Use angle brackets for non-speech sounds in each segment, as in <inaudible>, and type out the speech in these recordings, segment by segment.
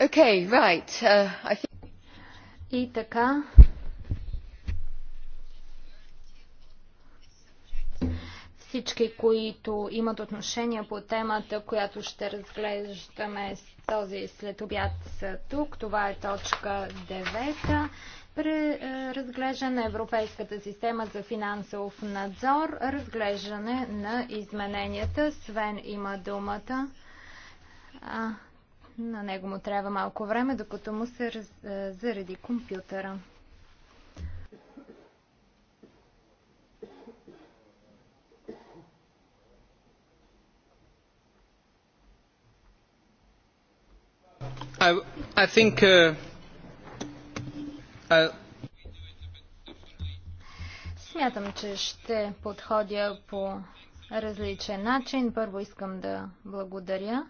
Uh, И така. Всички, които имат отношение по темата, която ще разглеждаме с този след обяд са тук. Това е точка 9 е, разглеждане на Европейската система за финансов надзор, разглеждане на измененията. Свен има думата. На него му трябва малко време, докато му се раз... Е, заради компютъра. I, I think, uh, Смятам, че ще подходя по различен начин. Първо искам да благодаря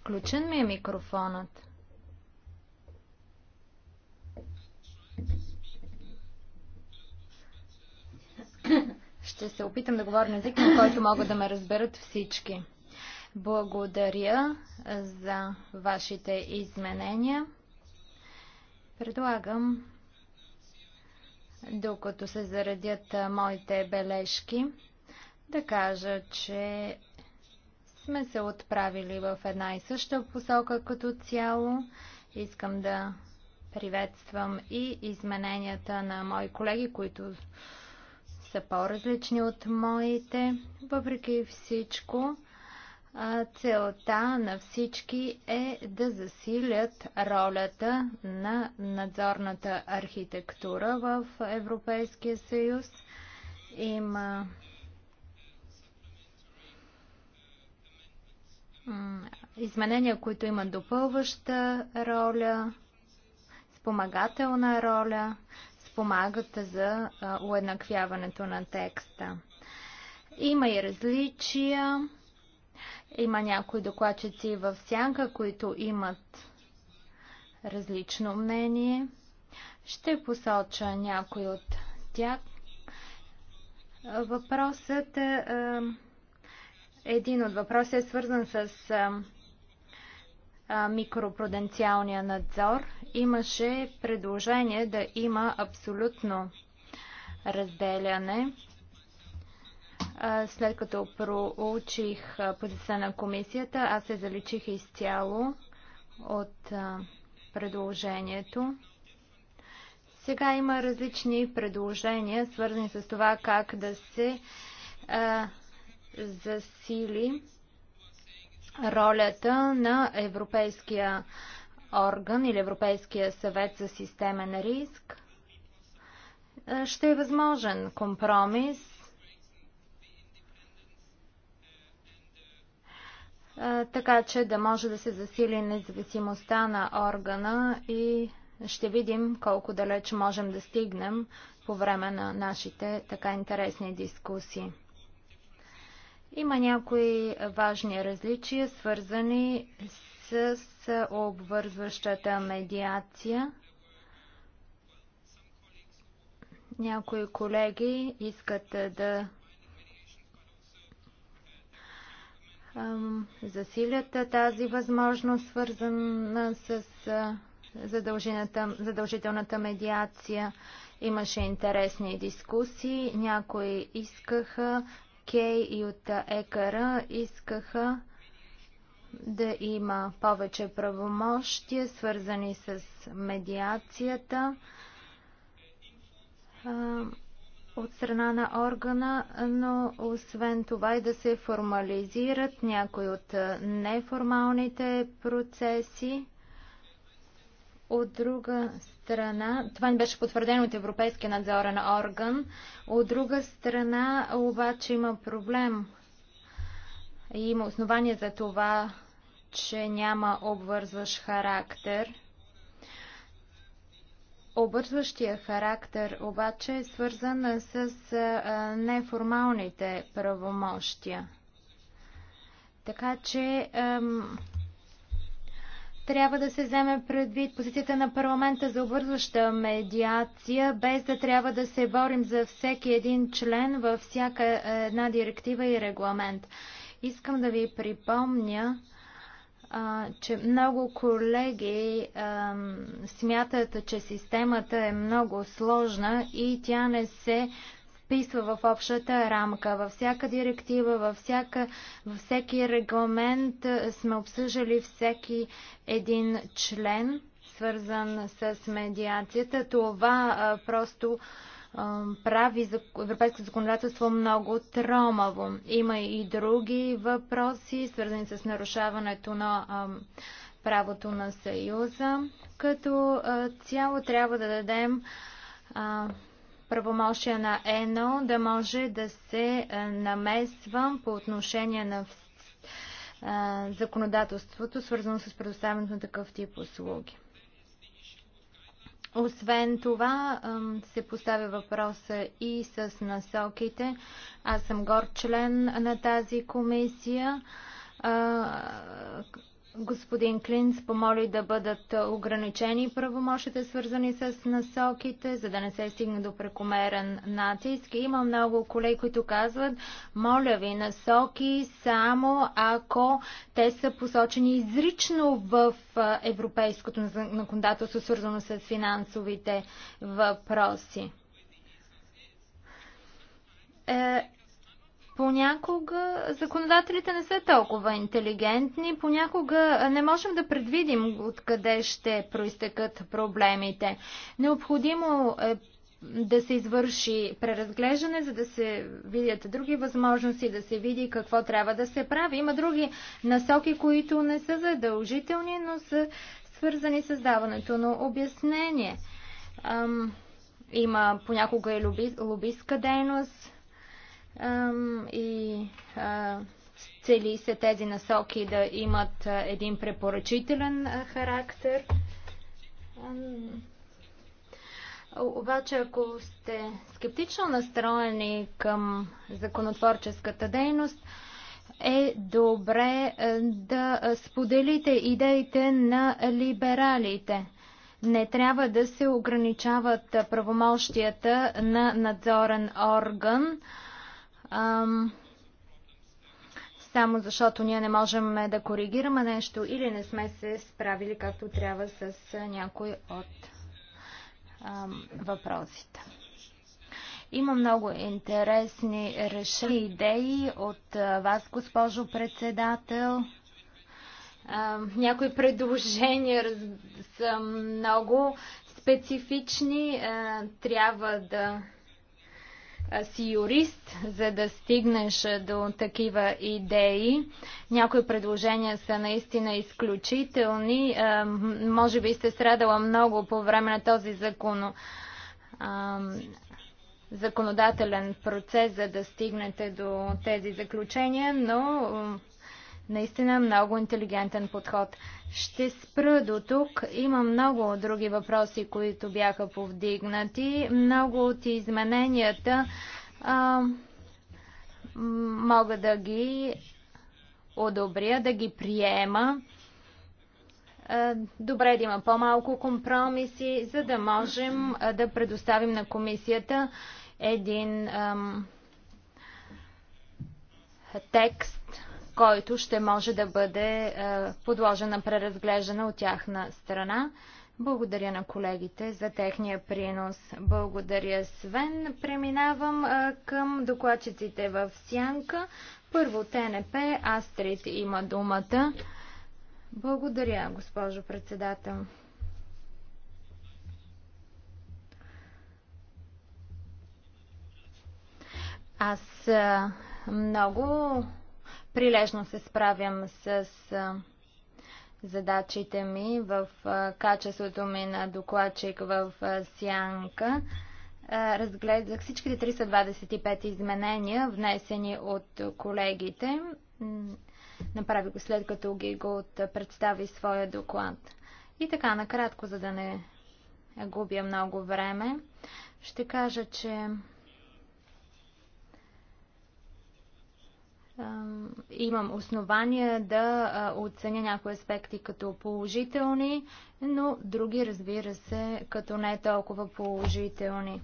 Включен ми е микрофонът. Ще се опитам да говоря на език, на който могат да ме разберат всички. Благодаря за вашите изменения. Предлагам, докато се заредят моите бележки, да кажа, че сме се отправили в една и съща посока като цяло. Искам да приветствам и измененията на мои колеги, които са по-различни от моите. Въпреки всичко, целта на всички е да засилят ролята на надзорната архитектура в Европейския съюз. Има изменения, които имат допълваща роля, спомагателна роля, спомагат за уеднаквяването на текста. Има и различия. Има някои докладчици в сянка, които имат различно мнение. Ще посоча някой от тях. Въпросът е, един от въпросите е свързан с микропруденциалния надзор. Имаше предложение да има абсолютно разделяне. След като проучих позиция на комисията, аз се заличих изцяло от предложението. Сега има различни предложения, свързани с това как да се засили ролята на Европейския орган или Европейския съвет за системен риск, е, ще е възможен компромис. Е, така че да може да се засили независимостта на органа и ще видим колко далеч можем да стигнем по време на нашите така интересни дискусии. Има някои важни различия, свързани с обвързващата медиация. Някои колеги искат да засилят тази възможност, свързана с задължителната медиация. Имаше интересни дискусии. Някои искаха Кей и от ЕКР искаха да има повече правомощия, свързани с медиацията от страна на органа, но освен това и да се формализират някои от неформалните процеси. От друга страна, това не беше потвърдено от Европейския надзорен орган. От друга страна, обаче има проблем и има основание за това, че няма обвързващ характер. Обвързващия характер обаче е свързан с неформалните правомощия. Така че трябва да се вземе предвид позицията на парламента за обвързваща медиация, без да трябва да се борим за всеки един член във всяка една директива и регламент. Искам да ви припомня, а, че много колеги а, смятат, че системата е много сложна и тя не се вписва в общата рамка. Във всяка директива, във, всяка, във всеки регламент сме обсъждали всеки един член, свързан с медиацията. Това а, просто а, прави за европейското законодателство много тромаво. Има и други въпроси, свързани с нарушаването на а, правото на Съюза. Като цяло трябва да дадем правомощия на ЕНО да може да се е, намесвам по отношение на е, законодателството, свързано с предоставянето на такъв тип услуги. Освен това се поставя въпроса и с насоките. Аз съм гор член на тази комисия Господин Клинс помоли да бъдат ограничени правомощите, свързани с насоките, за да не се стигне до прекомерен натиск. Има много колеги, които казват, моля ви, насоки само ако те са посочени изрично в европейското законодателство, свързано с финансовите въпроси е, Понякога законодателите не са толкова интелигентни, понякога не можем да предвидим откъде ще проистекат проблемите. Необходимо е да се извърши преразглеждане, за да се видят други възможности, да се види какво трябва да се прави. Има други насоки, които не са задължителни, но са свързани с даването на обяснение. Има понякога и лобистка дейност, и цели се тези насоки да имат един препоръчителен характер. Обаче, ако сте скептично настроени към законотворческата дейност, е добре да споделите идеите на либералите. Не трябва да се ограничават правомощията на надзорен орган, ам, само защото ние не можем да коригираме нещо или не сме се справили както трябва с някой от ам, въпросите. Има много интересни решени идеи от вас, госпожо председател. Някои предложения са много специфични. Трябва да си юрист, за да стигнеш до такива идеи. Някои предложения са наистина изключителни. Може би сте страдала много по време на този закон, законодателен процес, за да стигнете до тези заключения, но Наистина много интелигентен подход. Ще спра до тук. Има много други въпроси, които бяха повдигнати. Много от измененията а, мога да ги одобря, да ги приема. Добре да има по-малко компромиси, за да можем да предоставим на комисията един ам, текст, който ще може да бъде е, подложен на преразглеждане от тяхна страна. Благодаря на колегите за техния принос. Благодаря, Свен. Преминавам е, към докладчиците в Сянка. Първо ТНП, Астрид има думата. Благодаря, госпожо председател. Аз е, много прилежно се справям с задачите ми в качеството ми на докладчик в Сянка. Разгледах всичките 325 изменения, внесени от колегите. Направи го след като Гигот представи своя доклад. И така, накратко, за да не губя много време, ще кажа, че имам основания да оценя някои аспекти като положителни, но други, разбира се, като не толкова положителни.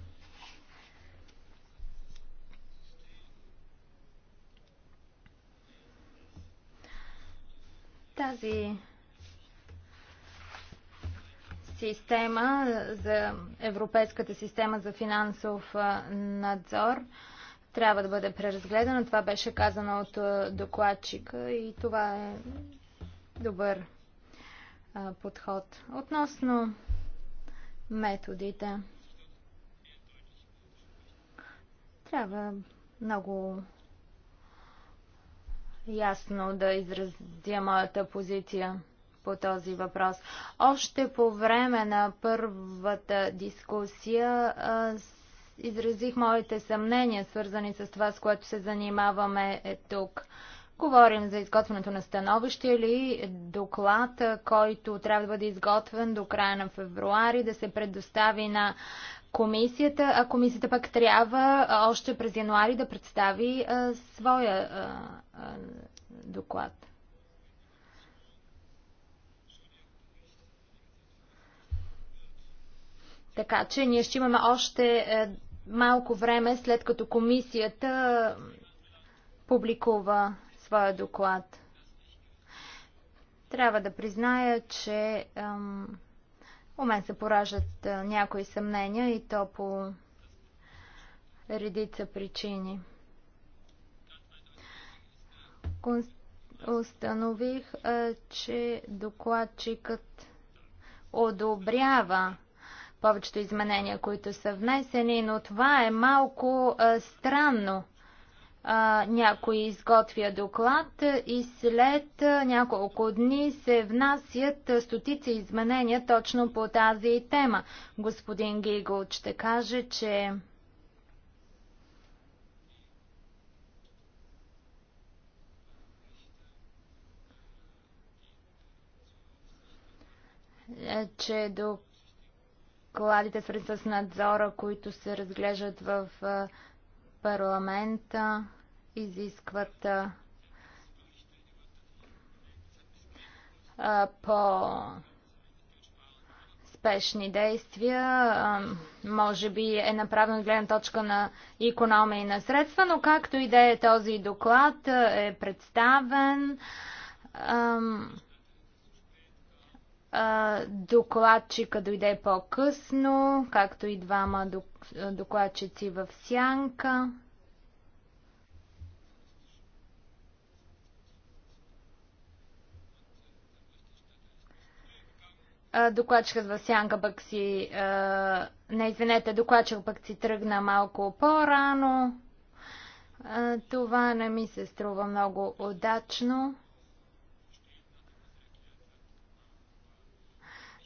Тази система за Европейската система за финансов надзор – трябва да бъде преразгледана. Това беше казано от докладчика и това е добър а, подход. Относно методите, трябва много ясно да изразя моята позиция по този въпрос. Още по време на първата дискусия а, изразих моите съмнения, свързани с това, с което се занимаваме е тук. Говорим за изготвянето на становище или доклад, който трябва да бъде изготвен до края на февруари, да се предостави на комисията, а комисията пък трябва още през януари да представи а, своя а, а, доклад. Така че ние ще имаме още е, малко време след като комисията публикува своя доклад. Трябва да призная, че у мен се поражат някои съмнения и то по редица причини. Установих, че докладчикът одобрява повечето изменения, които са внесени, но това е малко а, странно. А, някой изготвя доклад и след няколко дни се внасят стотици изменения точно по тази тема. Господин Гигл ще каже, че че до докладите, свързани с надзора, които се разглеждат в парламента, изискват по спешни действия. Може би е направен гледна точка на економия и на средства, но както и да е този доклад е представен. Ам, Докладчика дойде по-късно, както и двама докладчици в сянка. докладчикът в сянка пък си... Не, извинете, докладчик пък си тръгна малко по-рано. Това не ми се струва много удачно.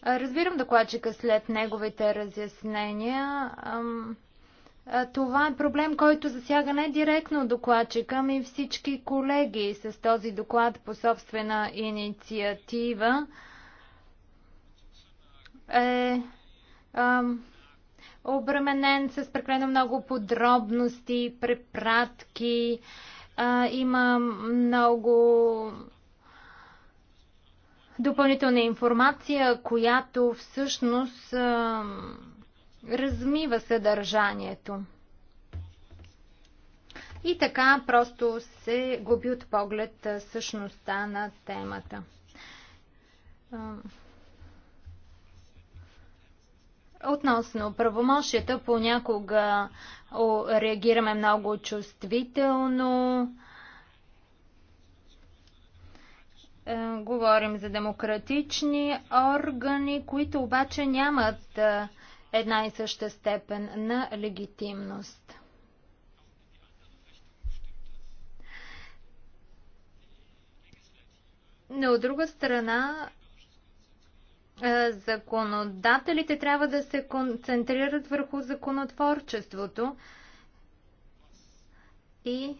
Разбирам докладчика след неговите разяснения. Това е проблем, който засяга не директно докладчика, ами всички колеги с този доклад по собствена инициатива. Е, ам, обременен с прекалено много подробности, препратки. А, има много допълнителна информация, която всъщност а, размива съдържанието. И така просто се губи от поглед същността на темата. Относно правомощията, понякога реагираме много чувствително, Е, говорим за демократични органи, които обаче нямат е, една и съща степен на легитимност. Но от друга страна, е, законодателите трябва да се концентрират върху законотворчеството и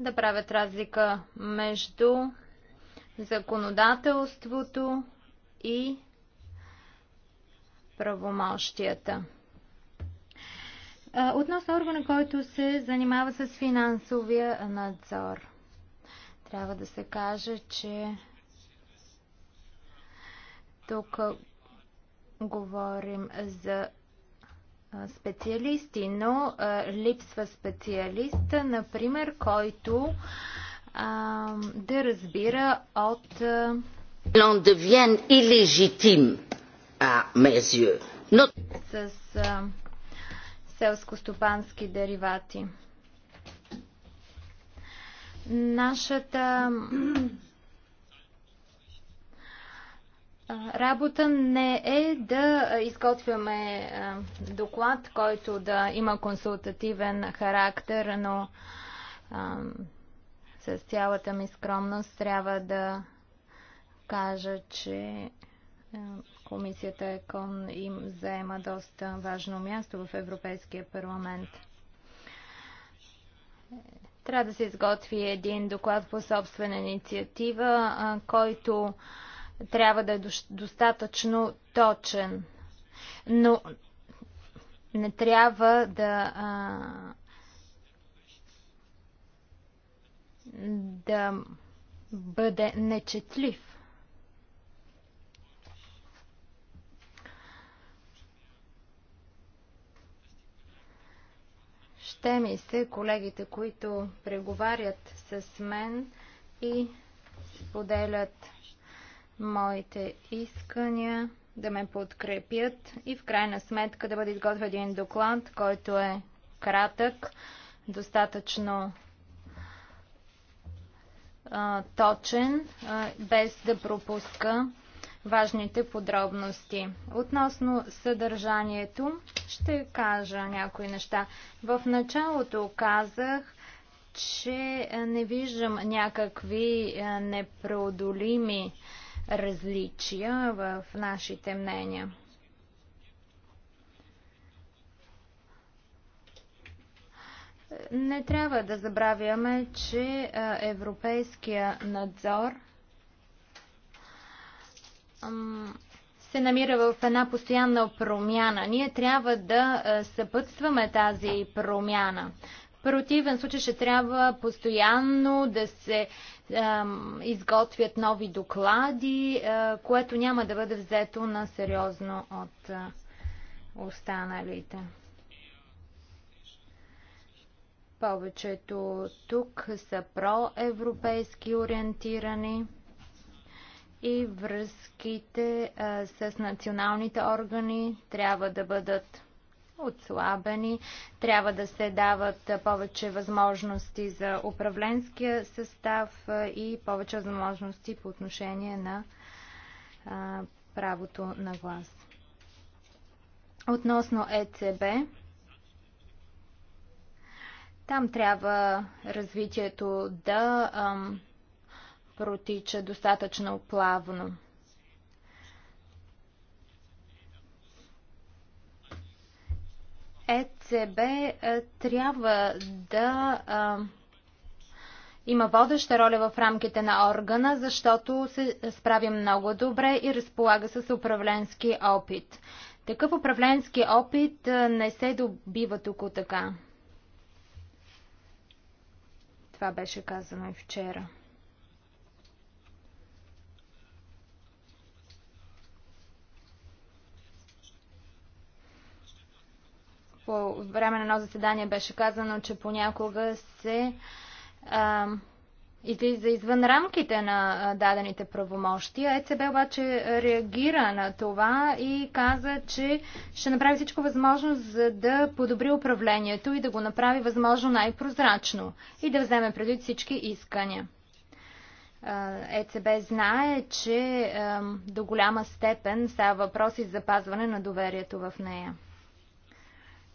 да правят разлика между законодателството и правомощията. Относно органа, който се занимава с финансовия надзор, трябва да се каже, че тук говорим за специалисти, но липсва специалист, например, който да разбира от... L'on devient illégitime à mes Но... С селско-стопански деривати. Нашата работа не е да изготвяме доклад, който да има консултативен характер, но с цялата ми скромност трябва да кажа, че комисията ЕКОН им заема доста важно място в Европейския парламент. Трябва да се изготви един доклад по собствена инициатива, който трябва да е достатъчно точен. Но не трябва да. А, да бъде нечетлив. Ще ми се колегите, които преговарят с мен и споделят моите искания, да ме подкрепят и в крайна сметка да бъде изготвен един доклад, който е кратък, достатъчно а, точен, а, без да пропуска важните подробности. Относно съдържанието ще кажа някои неща. В началото казах, че не виждам някакви непреодолими а, различия в нашите мнения. Не трябва да забравяме, че европейския надзор се намира в една постоянна промяна. Ние трябва да съпътстваме тази промяна. В противен случай ще трябва постоянно да се изготвят нови доклади, което няма да бъде взето на сериозно от останалите. Повечето тук са проевропейски ориентирани и връзките с националните органи трябва да бъдат отслабени. Трябва да се дават повече възможности за управленския състав и повече възможности по отношение на а, правото на глас. Относно ЕЦБ, там трябва развитието да ам, протича достатъчно плавно. ЕЦБ е, трябва да има водеща роля в рамките на органа, защото се справя много добре и разполага с управленски опит. Такъв управленски опит не се добива тук така. Това беше казано и вчера. по време на едно заседание беше казано, че понякога се а, излиза извън рамките на дадените правомощия. ЕЦБ обаче реагира на това и каза, че ще направи всичко възможно, за да подобри управлението и да го направи възможно най-прозрачно и да вземе предвид всички искания. ЕЦБ знае, че до голяма степен става въпрос и запазване на доверието в нея.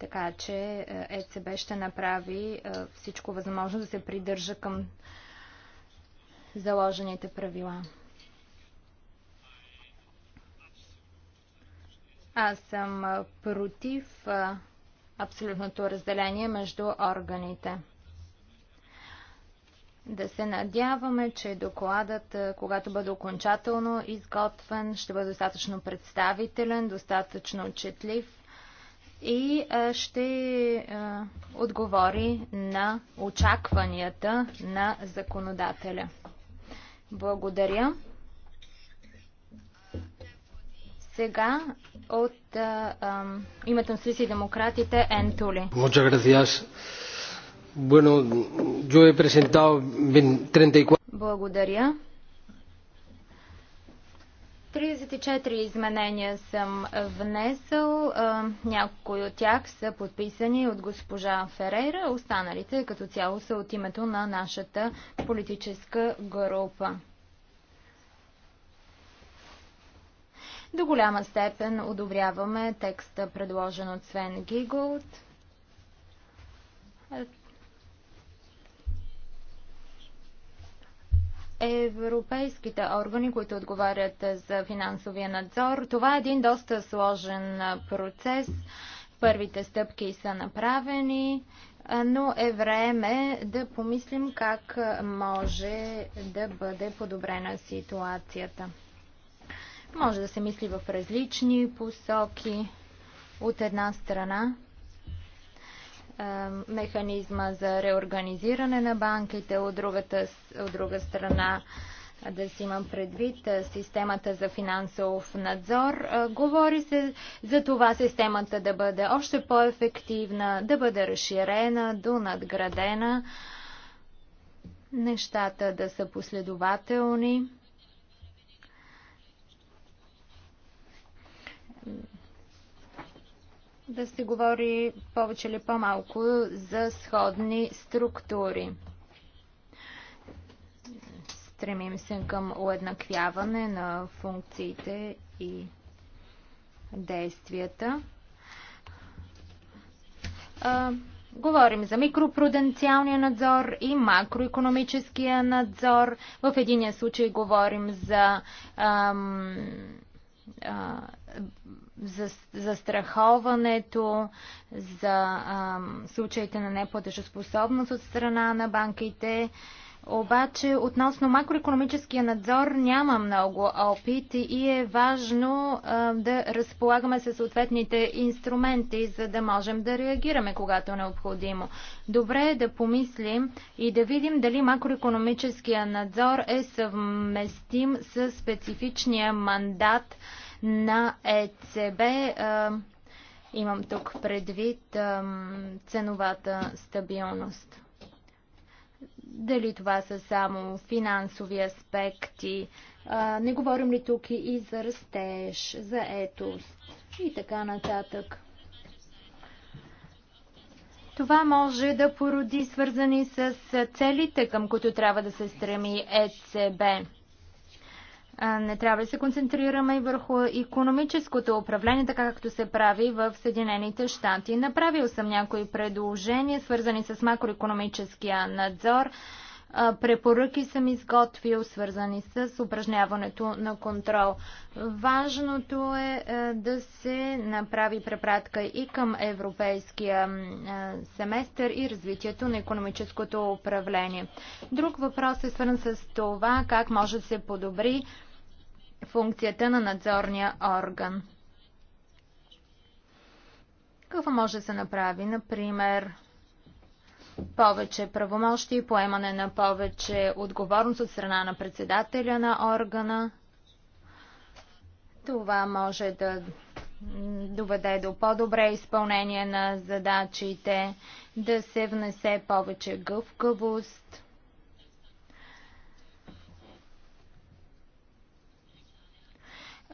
Така че е, ЕЦБ ще направи е, всичко възможно да се придържа към заложените правила. Аз съм е, против абсолютното разделение между органите. Да се надяваме, че докладът, когато бъде окончателно изготвен, ще бъде достатъчно представителен, достатъчно отчетлив и ще отговори на очакванията на законодателя. Благодаря. Сега от а, а, името на Социалисти демократите Ентули. Muchas Bueno, yo he presentado 34... Благодаря. 34 изменения съм внесъл. Някои от тях са подписани от госпожа Ферейра, останалите като цяло са от името на нашата политическа група. До голяма степен одобряваме текста, предложен от Свен Гиголд. европейските органи, които отговарят за финансовия надзор. Това е един доста сложен процес. Първите стъпки са направени, но е време да помислим как може да бъде подобрена ситуацията. Може да се мисли в различни посоки от една страна. Е, механизма за реорганизиране на банките, от, другата, от друга страна да си имам предвид е, системата за финансов надзор. Е, говори се за това системата да бъде още по-ефективна, да бъде разширена, надградена, нещата да са последователни да се говори повече или по-малко за сходни структури. Стремим се към уеднаквяване на функциите и действията. А, говорим за микропруденциалния надзор и макроекономическия надзор. В единия случай говорим за ам, а, за застраховането, за, за случаите на неплатежоспособност от страна на банките. Обаче относно макроекономическия надзор няма много опит и е важно а, да разполагаме със съответните инструменти, за да можем да реагираме, когато е необходимо. Добре е да помислим и да видим дали макроекономическия надзор е съвместим с специфичния мандат, на ЕЦБ. Имам тук предвид ценовата стабилност. Дали това са само финансови аспекти? Не говорим ли тук и за растеж, за етост и така нататък? Това може да породи свързани с целите, към които трябва да се стреми ЕЦБ не трябва да се концентрираме и върху економическото управление, така както се прави в Съединените щати. Направил съм някои предложения, свързани с макроекономическия надзор препоръки съм изготвил, свързани с упражняването на контрол. Важното е, е да се направи препратка и към европейския е, семестър и развитието на економическото управление. Друг въпрос е свързан с това как може да се подобри функцията на надзорния орган. Какво може да се направи? Например, повече правомощи и поемане на повече отговорност от страна на председателя на органа. Това може да доведе до по-добре изпълнение на задачите, да се внесе повече гъвкавост.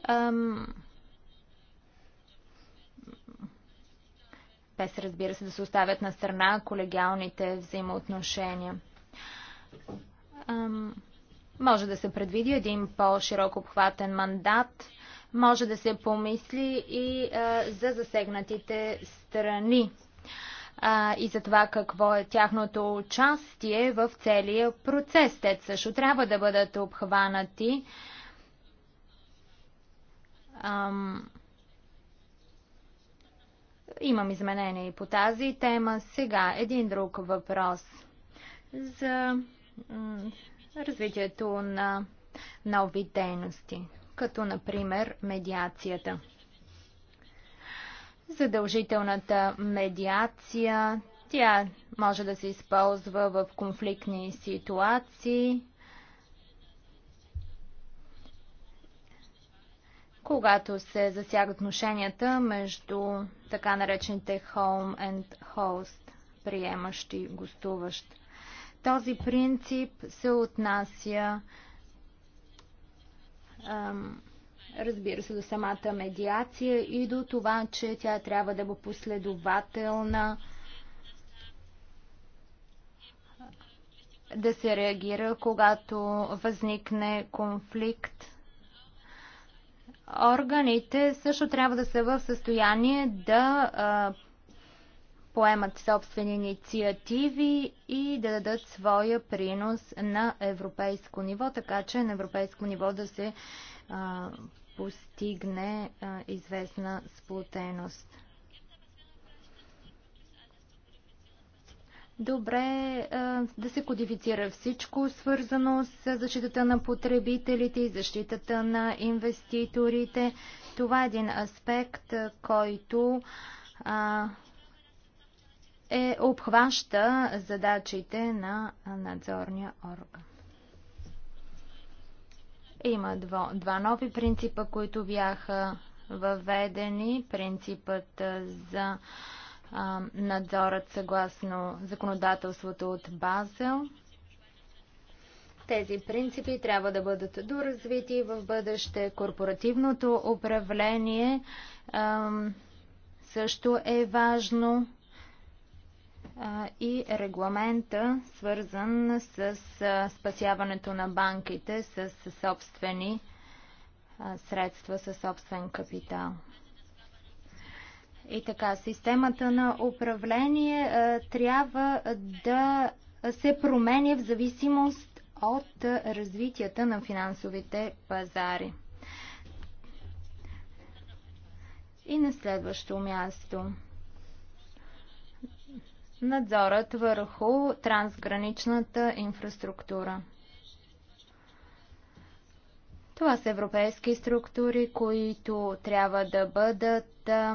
Um, без разбира се да се оставят на страна колегиалните взаимоотношения. Може да се предвиди един по-широк обхватен мандат, може да се помисли и за засегнатите страни и за това какво е тяхното участие в целия процес. Те също трябва да бъдат обхванати. Ам, Имам изменение и по тази тема. Сега един друг въпрос за развитието на нови дейности, като например медиацията. Задължителната медиация, тя може да се използва в конфликтни ситуации, когато се засягат отношенията между така наречените home and host, приемащи, гостуващ. Този принцип се отнася, разбира се, до самата медиация и до това, че тя трябва да бъде последователна, да се реагира, когато възникне конфликт Органите също трябва да са в състояние да а, поемат собствени инициативи и да дадат своя принос на европейско ниво, така че на европейско ниво да се а, постигне а, известна сплотеност. добре да се кодифицира всичко свързано с защитата на потребителите и защитата на инвеститорите. Това е един аспект, който е обхваща задачите на надзорния орган. Има два, два нови принципа, които бяха въведени. Принципът за а, надзорът съгласно законодателството от Базел. Тези принципи трябва да бъдат доразвити в бъдеще. Корпоративното управление също е важно и регламента, свързан с спасяването на банките с собствени средства, със собствен капитал. И така, системата на управление а, е, трябва да се променя в зависимост от развитията на финансовите пазари. И на следващо място. Надзорът върху трансграничната инфраструктура. Това са европейски структури, които трябва да бъдат е,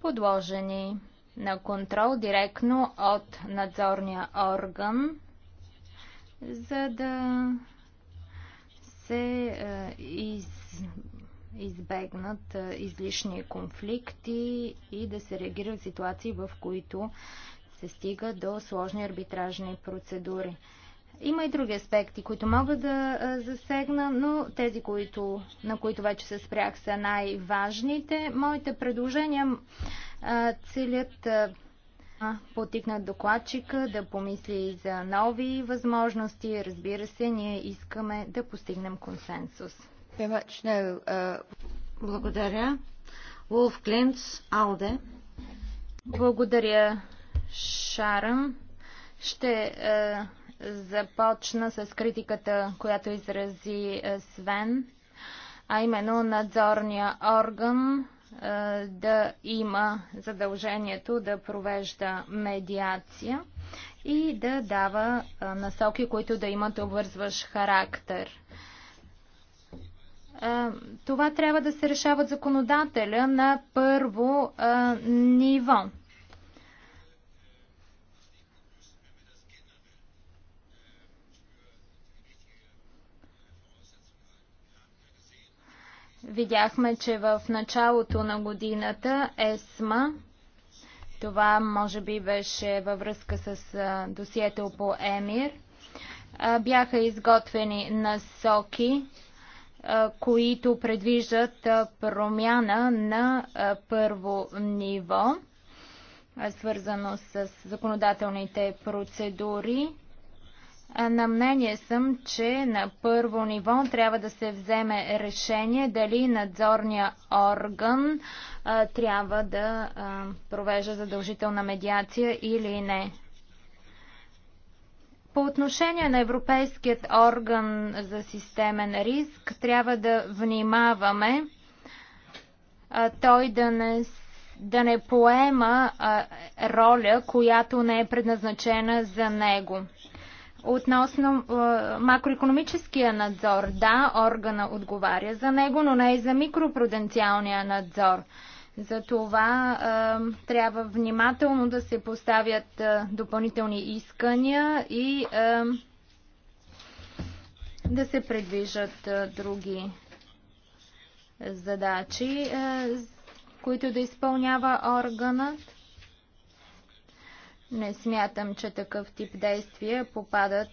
подложени на контрол директно от надзорния орган, за да се е, избегнат е, излишни конфликти и да се реагира в ситуации, в които се стига до сложни арбитражни процедури. Има и други аспекти, които мога да засегна, но тези, които, на които вече се спрях, са най-важните. Моите предложения целят потикнат докладчика да помисли за нови възможности. Разбира се, ние искаме да постигнем консенсус. Благодаря. Улф Клинц, Алде. Благодаря, Шарам. Ще започна с критиката, която изрази е, Свен, а именно надзорния орган е, да има задължението да провежда медиация и да дава е, насоки, които да имат обвързващ характер. Това трябва да се решава законодателя на първо ниво. Видяхме, че в началото на годината ЕСМА, това може би беше във връзка с досието по ЕМИР, бяха изготвени насоки, които предвиждат промяна на първо ниво, свързано с законодателните процедури на мнение съм, че на първо ниво трябва да се вземе решение дали надзорния орган а, трябва да а, провежда задължителна медиация или не. По отношение на Европейският орган за системен риск, трябва да внимаваме а, той да не да не поема а, роля, която не е предназначена за него. Относно макроекономическия надзор, да, органа отговаря за него, но не и за микропруденциалния надзор. Затова е, трябва внимателно да се поставят е, допълнителни искания и е, да се предвижат е, други задачи, е, които да изпълнява органът. Не смятам, че такъв тип действия попадат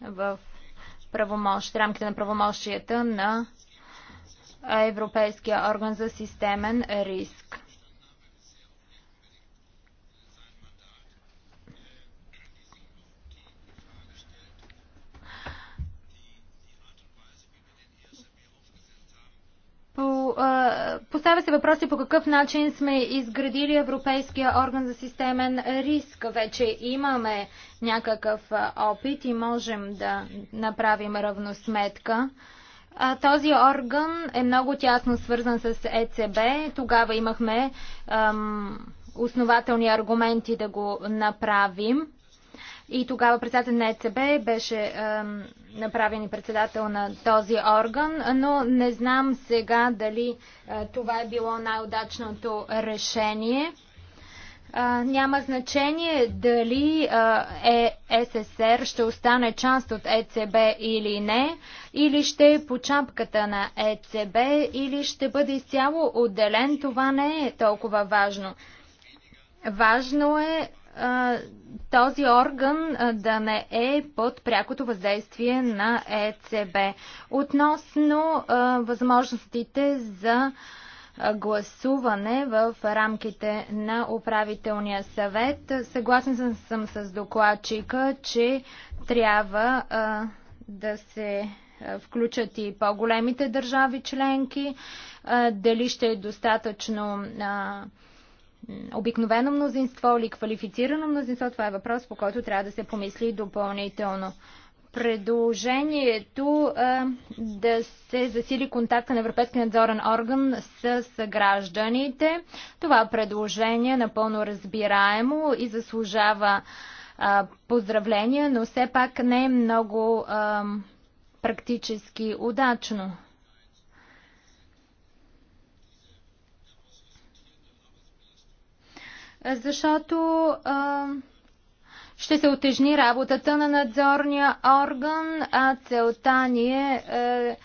в правомощ, рамките на правомощията на Европейския орган за системен риск. По, а, поставя се въпроси по какъв начин сме изградили Европейския орган за системен риск. Вече имаме някакъв опит и можем да направим равносметка. А, този орган е много тясно свързан с ЕЦБ. Тогава имахме ам, основателни аргументи да го направим. И тогава председател на ЕЦБ беше е, направен и председател на този орган, но не знам сега дали е, това е било най-удачното решение. Е, няма значение дали е, ще остане част от ЕЦБ или не, или ще е по чапката на ЕЦБ, или ще бъде изцяло отделен. Това не е толкова важно. Важно е този орган да не е под прякото въздействие на ЕЦБ. Относно възможностите за гласуване в рамките на управителния съвет. Съгласен съм с докладчика, че трябва да се включат и по-големите държави членки. Дали ще е достатъчно обикновено мнозинство или квалифицирано мнозинство, това е въпрос, по който трябва да се помисли допълнително. Предложението а, да се засили контакта на Европейския надзорен орган с гражданите. Това предложение е напълно разбираемо и заслужава а, поздравления, но все пак не е много а, практически удачно. защото а, ще се отежни работата на надзорния орган, а целта ни е а, е,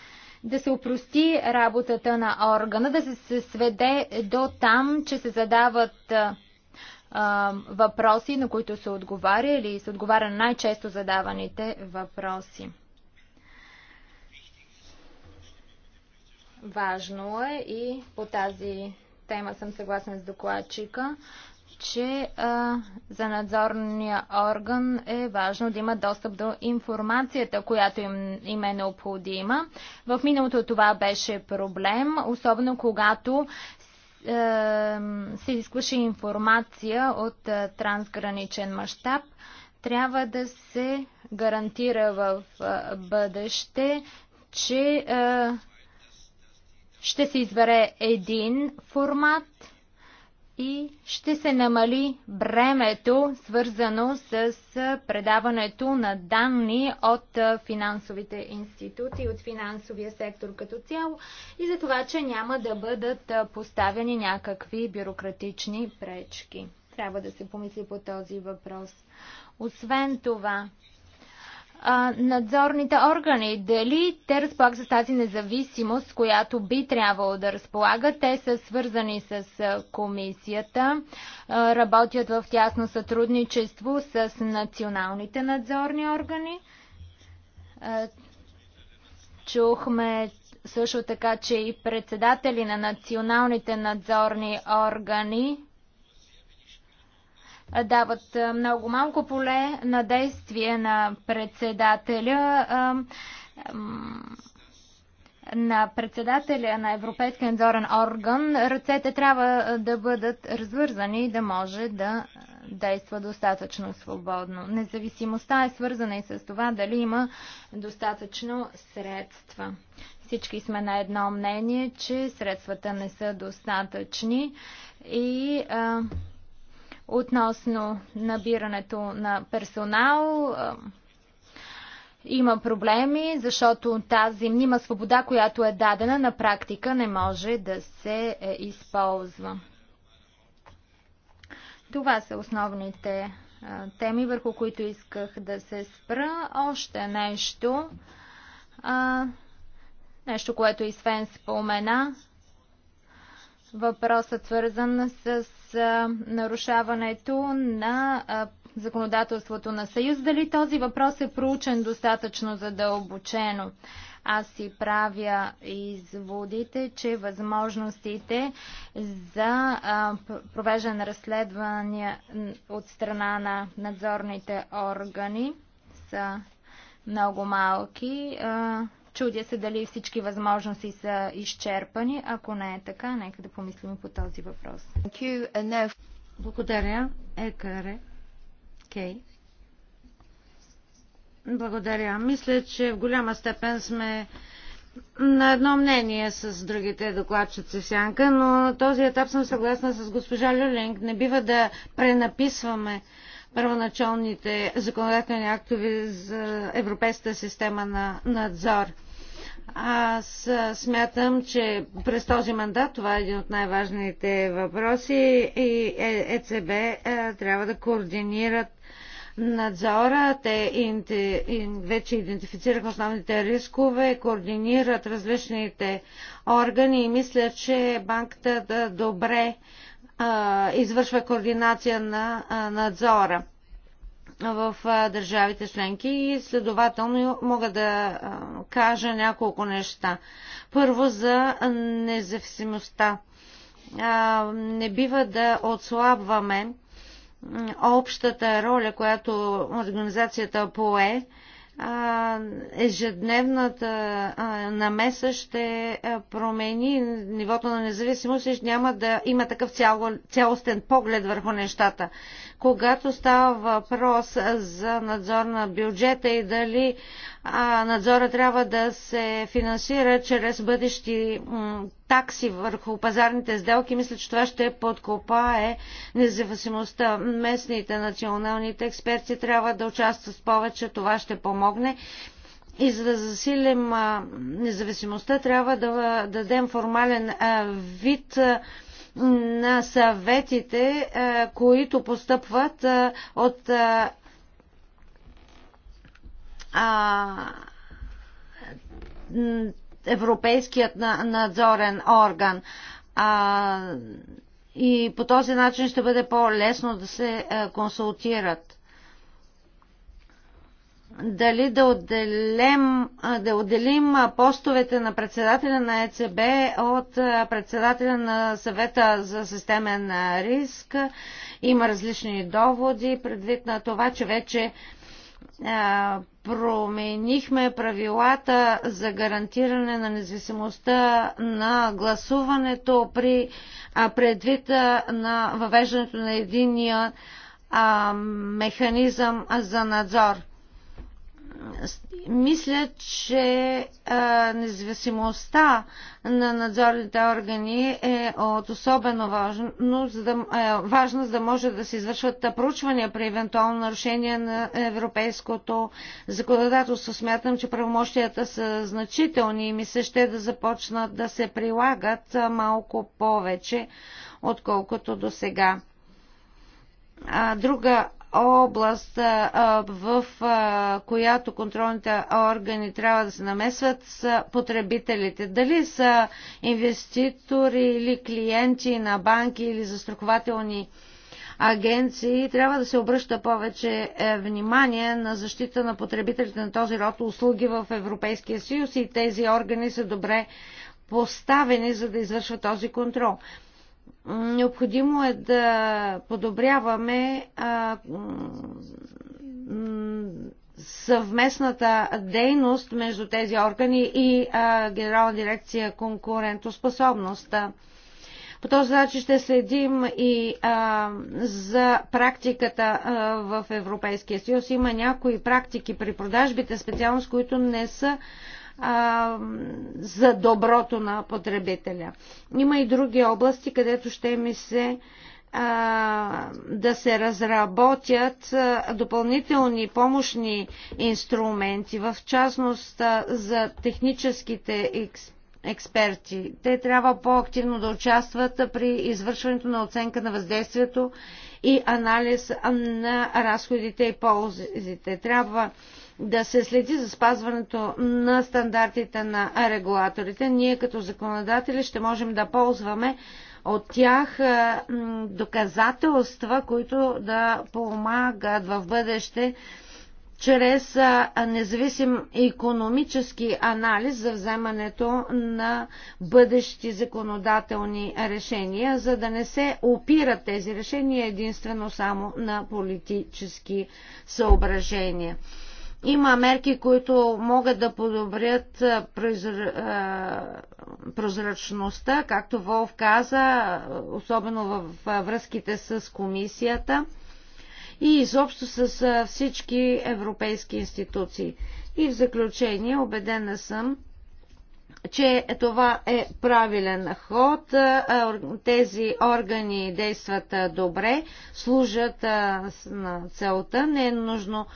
да се опрости работата на органа, да се сведе до там, че се задават а, въпроси, на които се отговаря или се отговаря на най-често задаваните въпроси. Важно е и по тази тема съм съгласна с докладчика, че а, за надзорния орган е важно да има достъп до информацията, която им, им е необходима. В миналото това беше проблем, особено когато е, се изкуши информация от е, трансграничен мащаб. Трябва да се гарантира в е, бъдеще, че ще се избере един формат, и ще се намали бремето, свързано с предаването на данни от финансовите институти, от финансовия сектор като цяло и за това, че няма да бъдат поставени някакви бюрократични пречки. Трябва да се помисли по този въпрос. Освен това, а, надзорните органи. Дали те разполагат с тази независимост, която би трябвало да разполагат. Те са свързани с комисията, а, работят в тясно сътрудничество с националните надзорни органи. А, чухме също така, че и председатели на националните надзорни органи дават много малко поле на действие на председателя на председателя на Европейския надзорен орган, ръцете трябва да бъдат развързани и да може да действа достатъчно свободно. Независимостта е свързана и с това дали има достатъчно средства. Всички сме на едно мнение, че средствата не са достатъчни и а, Относно набирането на персонал, е, има проблеми, защото тази мнима свобода, която е дадена на практика, не може да се е, използва. Това са основните е, теми, върху които исках да се спра. Още нещо, нещо, което и свен спомена, въпросът свързан с нарушаването на законодателството на Съюз. Дали този въпрос е проучен достатъчно задълбочено? Аз си правя изводите, че възможностите за провеждане на разследвания от страна на надзорните органи са много малки. Чудя се дали всички възможности са изчерпани. Ако не е така, нека да помислим по този въпрос. Благодаря, Екаре. Кей. Благодаря. Мисля, че в голяма степен сме на едно мнение с другите докладчици Сянка, но на този етап съм съгласна с госпожа Люлинг. Не бива да пренаписваме първоначалните законодателни актове за европейската система на надзор. Аз смятам, че през този мандат това е един от най-важните въпроси и ЕЦБ е трябва да координират надзора. Те вече идентифицираха основните рискове, координират различните органи и мисля, че банката да добре извършва координация на надзора в държавите членки и следователно мога да кажа няколко неща. Първо за независимостта. Не бива да отслабваме общата роля, която организацията пое, ежедневната намеса ще промени нивото на независимост и няма да има такъв цялостен поглед върху нещата когато става въпрос за надзор на бюджета и дали надзора трябва да се финансира чрез бъдещи такси върху пазарните сделки, мисля, че това ще подкопае независимостта. Местните, националните експерти трябва да участват повече, това ще помогне. И за да засилим независимостта, трябва да дадем формален вид на съветите, е, които постъпват е, от е, Европейският надзорен орган. и по този начин ще бъде по-лесно да се консултират дали да отделим, да отделим постовете на председателя на ЕЦБ от председателя на съвета за системен риск. Има различни доводи, предвид на това, че вече променихме правилата за гарантиране на независимостта на гласуването при предвид на въвеждането на единия механизъм за надзор. Мисля, че а, независимостта на надзорните органи е от особено важно, за да, е, важна, за да може да се извършват проучвания при евентуално нарушение на европейското законодателство. Смятам, че правомощията са значителни и мисля, ще да започнат да се прилагат малко повече, отколкото до сега. Друга област, в която контролните органи трябва да се намесват, са потребителите. Дали са инвеститори или клиенти на банки или застрахователни агенции, трябва да се обръща повече е, внимание на защита на потребителите на този род услуги в Европейския съюз и тези органи са добре поставени, за да извършват този контрол. Необходимо е да подобряваме а, съвместната дейност между тези органи и а, Генерална дирекция конкурентоспособност. По този начин ще следим и а, за практиката а, в Европейския съюз. Има някои практики при продажбите, специално с които не са а, за доброто на потребителя. Има и други области, където ще ми се а, да се разработят а, допълнителни помощни инструменти, в частност а, за техническите експерти експерти. Те трябва по-активно да участват при извършването на оценка на въздействието и анализ на разходите и ползите. Трябва да се следи за спазването на стандартите на регулаторите. Ние като законодатели ще можем да ползваме от тях е, доказателства, които да помагат в бъдеще чрез е, независим економически анализ за вземането на бъдещи законодателни решения, за да не се опират тези решения единствено само на политически съображения. Има мерки, които могат да подобрят прозрачността, както Волф каза, особено във връзките с комисията и изобщо с всички европейски институции. И в заключение, убедена съм, че това е правилен ход. Тези органи действат добре, служат на целта. Не е нужно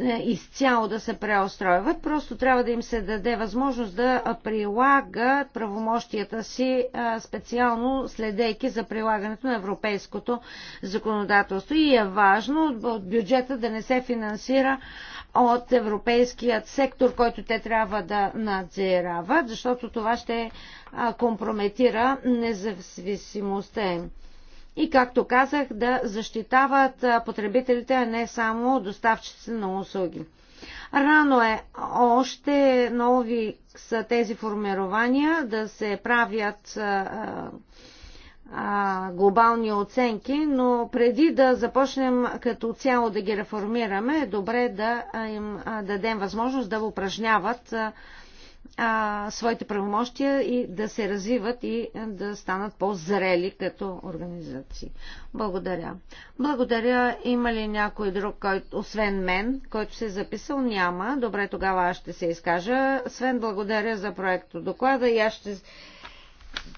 е, изцяло да се преостройват, просто трябва да им се даде възможност да прилагат правомощията си е, специално следейки за прилагането на европейското законодателство. И е важно от бюджета да не се финансира от европейският сектор, който те трябва да надзирават, защото това ще е, компрометира независимостта им и, както казах, да защитават потребителите, а не само доставчици на услуги. Рано е още, нови са тези формирования, да се правят глобални оценки, но преди да започнем като цяло да ги реформираме, е добре да им дадем възможност да упражняват а, а, своите правомощия и да се развиват и да станат по-зрели като организации. Благодаря. Благодаря. Има ли някой друг, който, освен мен, който се е записал? Няма. Добре, тогава аз ще се изкажа. Свен, благодаря за проекто доклада и аз ще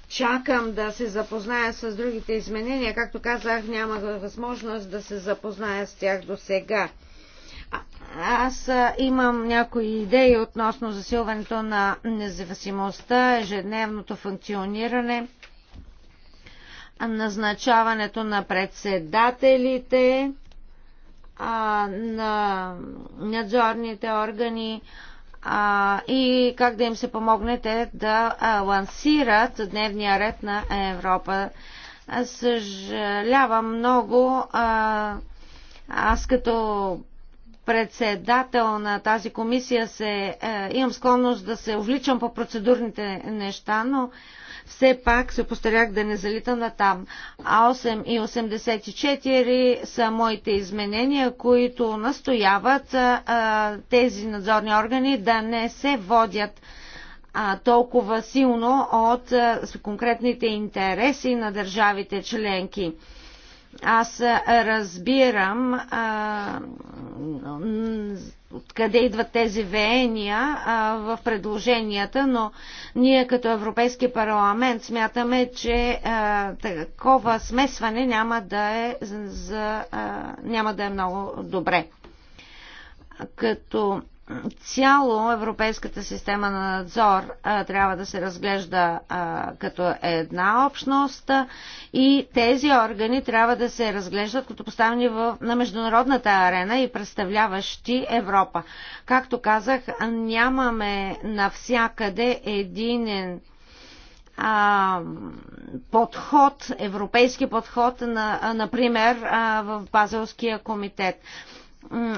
чакам да се запозная с другите изменения. Както казах, нямах възможност да се запозная с тях до сега. Аз имам някои идеи относно засилването на независимостта, ежедневното функциониране, назначаването на председателите, на надзорните органи и как да им се помогнете да лансират дневния ред на Европа. Съжалявам много. Аз като председател на тази комисия се, е, имам склонност да се увличам по процедурните неща, но все пак се постарях да не залита на там. А 8 и 84 са моите изменения, които настояват е, тези надзорни органи да не се водят е, толкова силно от е, конкретните интереси на държавите членки. Аз разбирам откъде идват тези веения а, в предложенията, но ние като Европейски парламент смятаме, че а, такова смесване няма да е, за, а, няма да е много добре. Като цяло европейската система на надзор а, трябва да се разглежда а, като една общност а, и тези органи трябва да се разглеждат като поставени в, на международната арена и представляващи Европа. Както казах, нямаме навсякъде единен а, подход, европейски подход, на, например, а, в Базелския комитет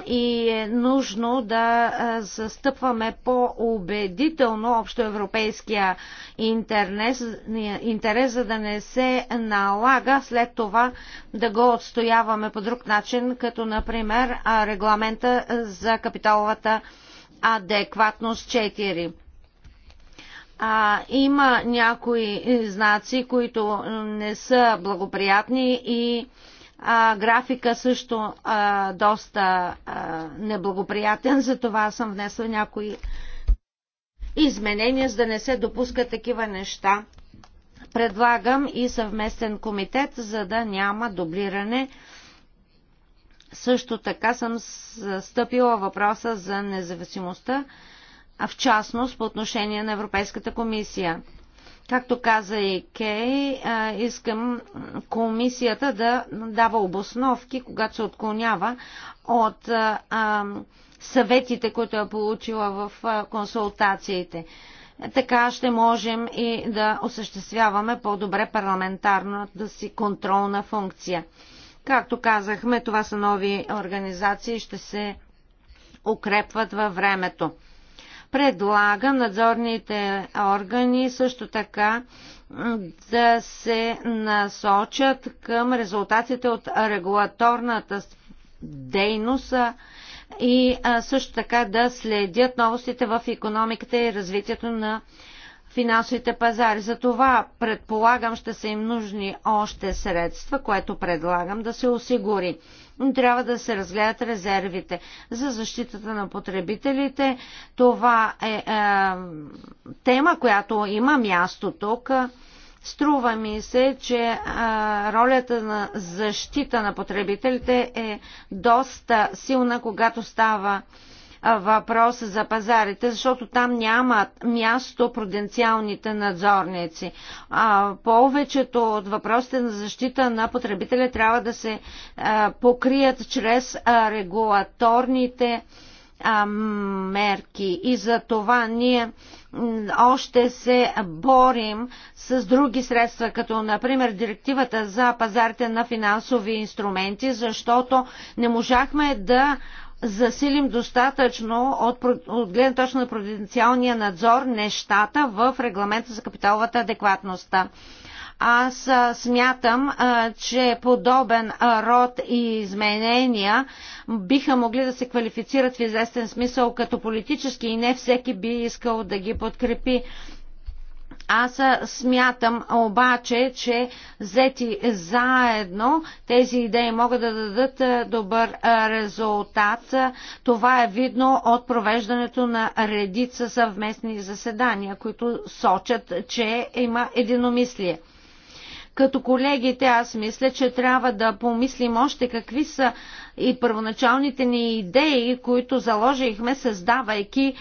и е нужно да застъпваме по-убедително общоевропейския интерес, интерес, за да не се налага след това да го отстояваме по друг начин, като например регламента за капиталовата адекватност 4 а, има някои знаци, които не са благоприятни и а, графика също а, доста а, неблагоприятен, затова съм внесла някои изменения, за да не се допускат такива неща. Предлагам и съвместен комитет, за да няма дублиране. Също така съм стъпила въпроса за независимостта, в частност по отношение на Европейската комисия. Както каза и Кей, искам комисията да дава обосновки, когато се отклонява от съветите, които е получила в консултациите. Така ще можем и да осъществяваме по-добре парламентарната си контролна функция. Както казахме, това са нови организации, и ще се укрепват във времето. Предлагам надзорните органи също така да се насочат към резултатите от регулаторната дейност и също така да следят новостите в економиката и развитието на финансовите пазари. За това предполагам ще са им нужни още средства, което предлагам да се осигури но трябва да се разгледат резервите. За защитата на потребителите това е, е тема, която има място тук. Струва ми се, че а, е, ролята на защита на потребителите е доста силна, когато става а, въпроса за пазарите, защото там нямат място пруденциалните надзорници. А, повечето от въпросите на защита на потребителя трябва да се а, покрият чрез а, регулаторните а, мерки. И за това ние още се борим с други средства, като например директивата за пазарите на финансови инструменти, защото не можахме да засилим достатъчно от, от гледна точно на пруденциалния надзор нещата в регламента за капиталовата адекватност. Аз смятам, че подобен род и изменения биха могли да се квалифицират в известен смисъл като политически и не всеки би искал да ги подкрепи. Аз смятам обаче, че взети заедно тези идеи могат да дадат добър резултат. Това е видно от провеждането на редица съвместни заседания, които сочат, че има единомислие. Като колегите, аз мисля, че трябва да помислим още какви са и първоначалните ни идеи, които заложихме, създавайки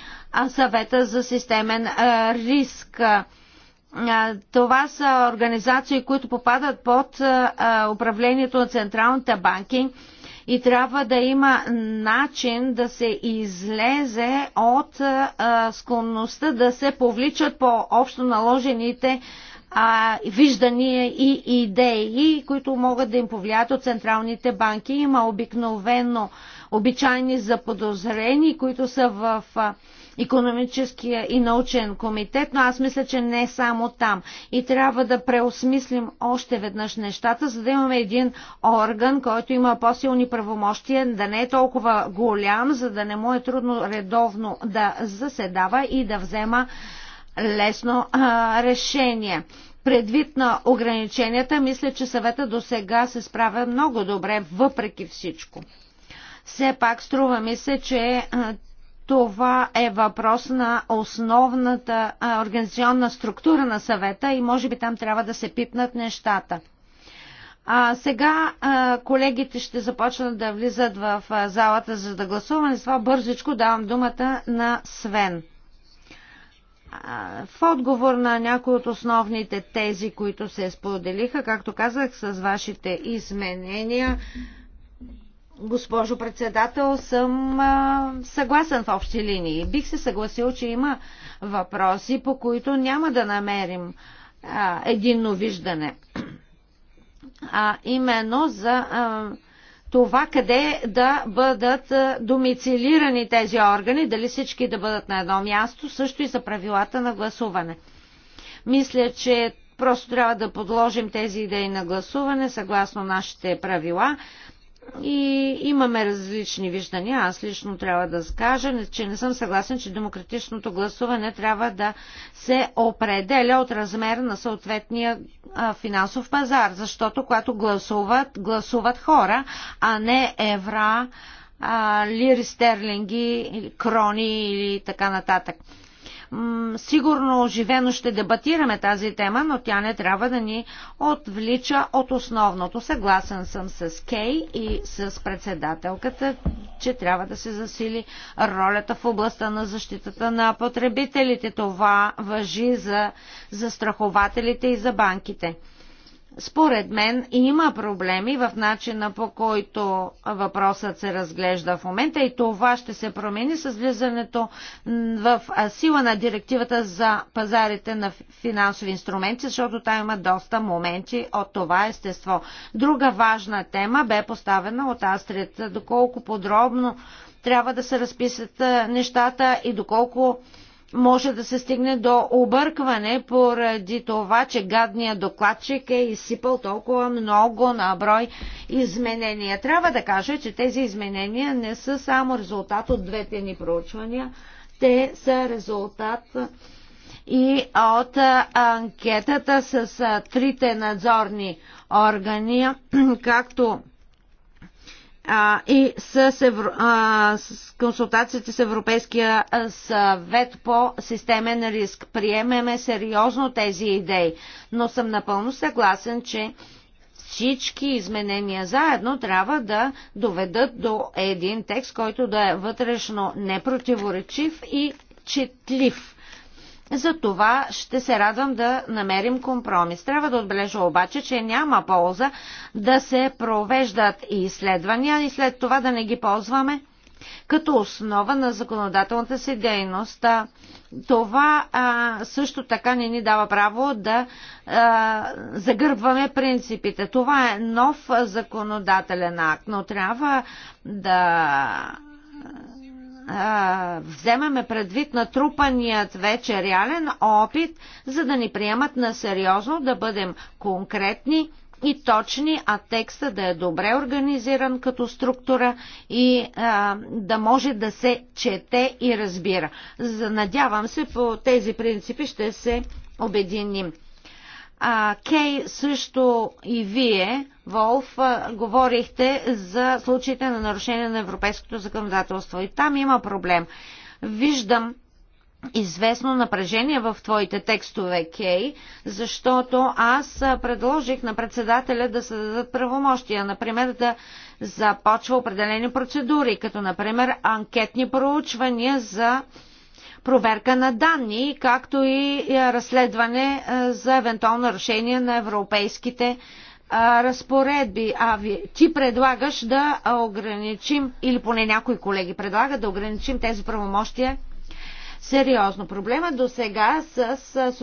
съвета за системен риск. Това са организации, които попадат под управлението на Централната банки и трябва да има начин да се излезе от склонността да се повличат по общо наложените виждания и идеи, които могат да им повлияят от централните банки. Има обикновено обичайни заподозрени, които са в економическия и научен комитет, но аз мисля, че не само там. И трябва да преосмислим още веднъж нещата, за да имаме един орган, който има по-силни правомощия, да не е толкова голям, за да не му е трудно редовно да заседава и да взема лесно а, решение. Предвид на ограниченията, мисля, че съвета до сега се справя много добре, въпреки всичко. Все пак струва ми се, че а, това е въпрос на основната а, организационна структура на съвета и може би там трябва да се пипнат нещата. А, сега а, колегите ще започнат да влизат в а, залата за да гласуваме. С това бързичко давам думата на Свен. А, в отговор на някои от основните тези, които се споделиха, както казах, с вашите изменения, Госпожо председател, съм съгласен в общи линии. Бих се съгласил, че има въпроси, по които няма да намерим единно виждане. А именно за това къде да бъдат домицилирани тези органи, дали всички да бъдат на едно място, също и за правилата на гласуване. Мисля, че просто трябва да подложим тези идеи на гласуване съгласно нашите правила. И имаме различни виждания. Аз лично трябва да скажа, че не съм съгласен, че демократичното гласуване трябва да се определя от размера на съответния финансов пазар, защото когато гласуват, гласуват хора, а не евра, лири стерлинги, крони или така нататък. Сигурно оживено ще дебатираме тази тема, но тя не трябва да ни отвлича от основното. Съгласен съм с Кей и с председателката, че трябва да се засили ролята в областта на защитата на потребителите. Това въжи за застрахователите и за банките. Според мен има проблеми в начина по който въпросът се разглежда в момента и това ще се промени с влизането в сила на директивата за пазарите на финансови инструменти, защото там има доста моменти от това естество. Друга важна тема бе поставена от Астрид. Доколко подробно трябва да се разписат нещата и доколко може да се стигне до объркване поради това, че гадният докладчик е изсипал толкова много на брой изменения. Трябва да кажа, че тези изменения не са само резултат от двете ни проучвания, те са резултат и от анкетата с трите надзорни органи, <clears throat> както и с, евро, а, с консултациите с Европейския съвет по системен риск. Приемеме сериозно тези идеи, но съм напълно съгласен, че всички изменения заедно трябва да доведат до един текст, който да е вътрешно непротиворечив и четлив. За това ще се радвам да намерим компромис. Трябва да отбележа обаче, че няма полза да се провеждат и изследвания и след това да не ги ползваме като основа на законодателната си дейност. Това а, също така не ни дава право да а, загърбваме принципите. Това е нов законодателен акт, но трябва да а, вземаме предвид натрупаният вече реален опит, за да ни приемат на сериозно, да бъдем конкретни и точни, а текста да е добре организиран като структура и а, да може да се чете и разбира. Надявам се, по тези принципи ще се обединим. А, Кей също и вие, Волф, а, говорихте за случаите на нарушение на европейското законодателство. И там има проблем. Виждам известно напрежение в твоите текстове, Кей, защото аз предложих на председателя да се дадат правомощия, например да започва определени процедури, като например анкетни проучвания за проверка на данни, както и е, разследване е, за евентуално решение на европейските е, разпоредби. А ви, ти предлагаш да ограничим, или поне някои колеги предлагат да ограничим тези правомощия сериозно. Проблема до сега с, с, с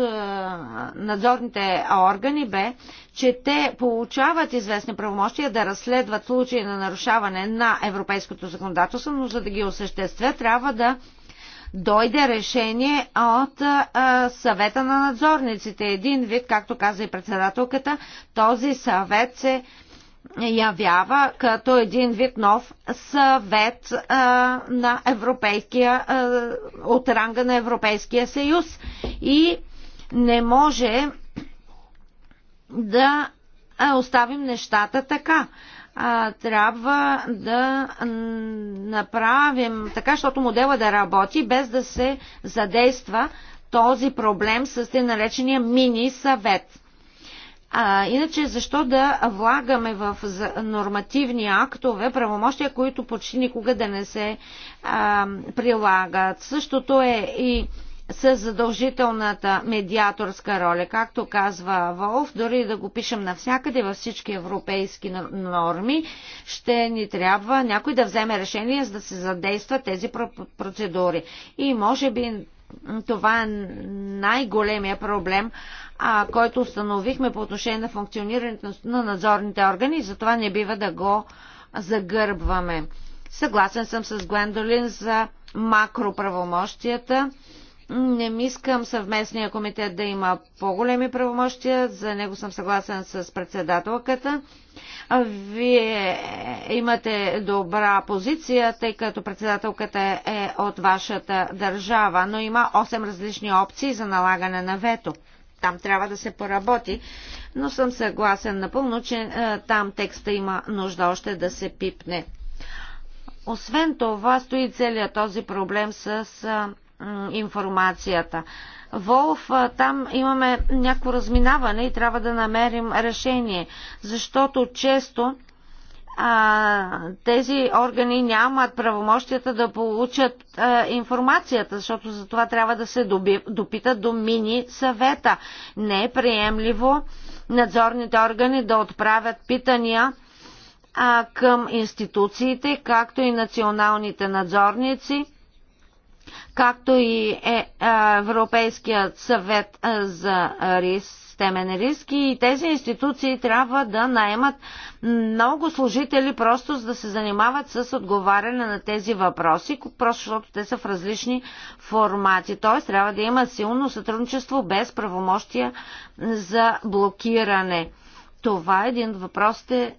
надзорните органи бе, че те получават известни правомощия да разследват случаи на нарушаване на европейското законодателство, но за да ги осъществят трябва да дойде решение от съвета на надзорниците. Един вид, както каза и председателката, този съвет се явява като един вид нов съвет а, на европейския, а, от ранга на Европейския съюз и не може да оставим нещата така а, трябва да направим така, защото модела да работи, без да се задейства този проблем с те наречения мини съвет. А, иначе защо да влагаме в нормативни актове правомощия, които почти никога да не се а, прилагат? Същото е и с задължителната медиаторска роля. Както казва Волф, дори да го пишем навсякъде във всички европейски норми, ще ни трябва някой да вземе решение, за да се задействат тези процедури. И може би това е най-големия проблем, а, който установихме по отношение на функционирането на надзорните органи, затова не бива да го загърбваме. Съгласен съм с Гвендолин за макроправомощията. Не искам съвместния комитет да има по-големи правомощия, за него съм съгласен с председателката. Вие имате добра позиция, тъй като председателката е от вашата държава, но има 8 различни опции за налагане на вето. Там трябва да се поработи, но съм съгласен напълно, че е, там текста има нужда още да се пипне. Освен това стои целият този проблем с е, информацията. Волф, там имаме някакво разминаване и трябва да намерим решение, защото често а, тези органи нямат правомощията да получат а, информацията, защото за това трябва да се доби, допитат до мини съвета. Не е приемливо надзорните органи да отправят питания а, към институциите, както и националните надзорници както и е, е, Европейският съвет е, за рис, системен риск и тези институции трябва да наемат много служители просто за да се занимават с отговаряне на тези въпроси, просто защото те са в различни формати. Т.е. трябва да има силно сътрудничество без правомощия за блокиране. Това е един от въпросите,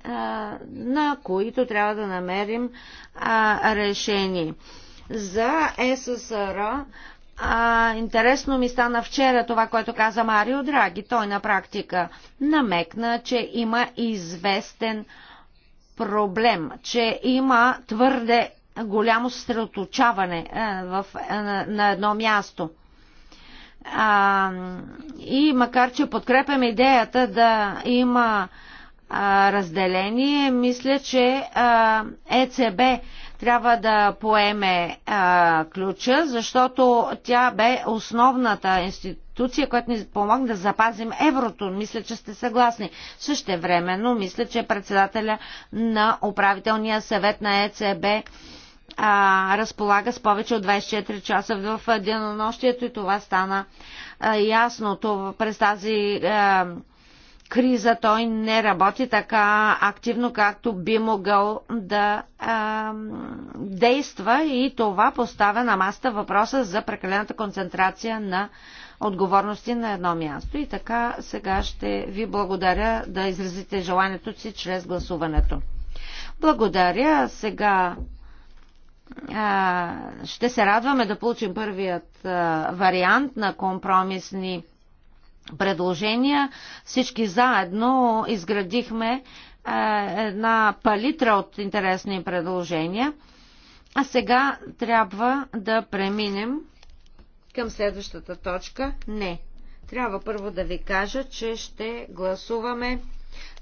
на които трябва да намерим решение за е СССР. А, интересно ми стана вчера това, което каза Марио Драги. Той на практика намекна, че има известен проблем, че има твърде голямо съсредоточаване в, на, на едно място. А, и макар, че подкрепям идеята да има а, разделение, мисля, че а, ЕЦБ трябва да поеме а, ключа, защото тя бе основната институция, която ни помогна да запазим еврото. Мисля, че сте съгласни. Също но мисля, че председателя на управителния съвет на ЕЦБ а, разполага с повече от 24 часа в денонощието и това стана а, ясно. Това, през тази а, криза той не работи така активно, както би могъл да а, действа и това поставя на маста въпроса за прекалената концентрация на отговорности на едно място. И така сега ще ви благодаря да изразите желанието си чрез гласуването. Благодаря. Сега а, ще се радваме да получим първият а, вариант на компромисни предложения. Всички заедно изградихме е, една палитра от интересни предложения. А сега трябва да преминем към следващата точка. Не. Трябва първо да ви кажа, че ще гласуваме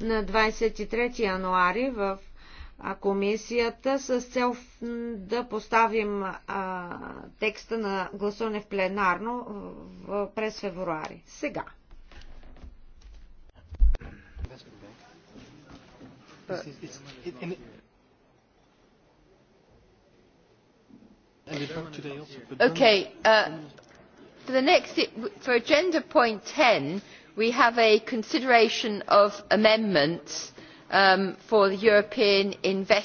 на 23 януари в комисията с цел да поставим а, текста на гласуване в пленарно в, в, през февруари. Сега. Okay, uh, for the next, for agenda point 10, we have a consideration of amendments Um,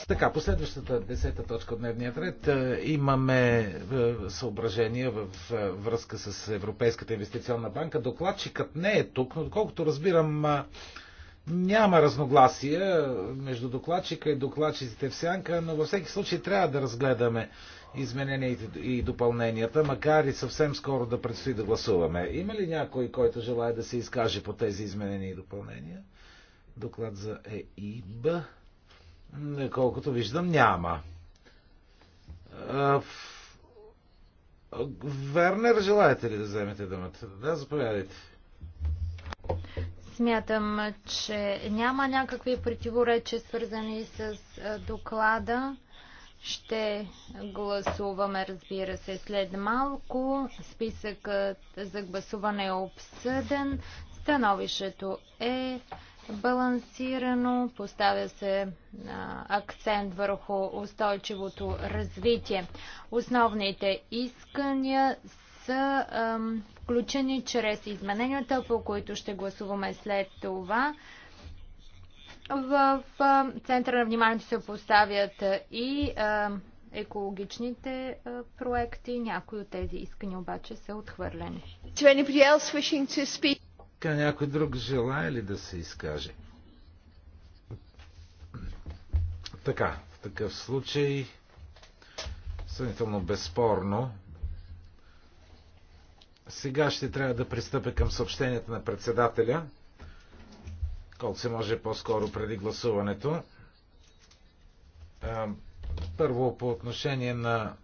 така, последващата десета точка от дневния ред е, имаме е, съображения в е, връзка с Европейската инвестиционна банка. Докладчикът не е тук, но доколкото разбирам, няма разногласия между докладчика и докладчиците в сянка, но във всеки случай трябва да разгледаме измененията и допълненията, макар и съвсем скоро да предстои да гласуваме. Има ли някой, който желая да се изкаже по тези изменения и допълнения? Доклад за ЕИБ. Колкото виждам, няма. Вернер, желаете ли да вземете думата? Да, заповядайте. Смятам, че няма някакви противоречия, свързани с доклада. Ще гласуваме, разбира се, след малко. Списъкът за гласуване е обсъден. Становището е балансирано, поставя се а, акцент върху устойчивото развитие. Основните искания са а, включени чрез измененията, по които ще гласуваме след това. В а, центъра на вниманието се поставят и екологичните проекти. Някои от тези искания обаче са отхвърлени. Така някой друг желая ли да се изкаже? Така, в такъв случай, съмнително безспорно, сега ще трябва да пристъпя към съобщенията на председателя, колко се може по-скоро преди гласуването. Първо по отношение на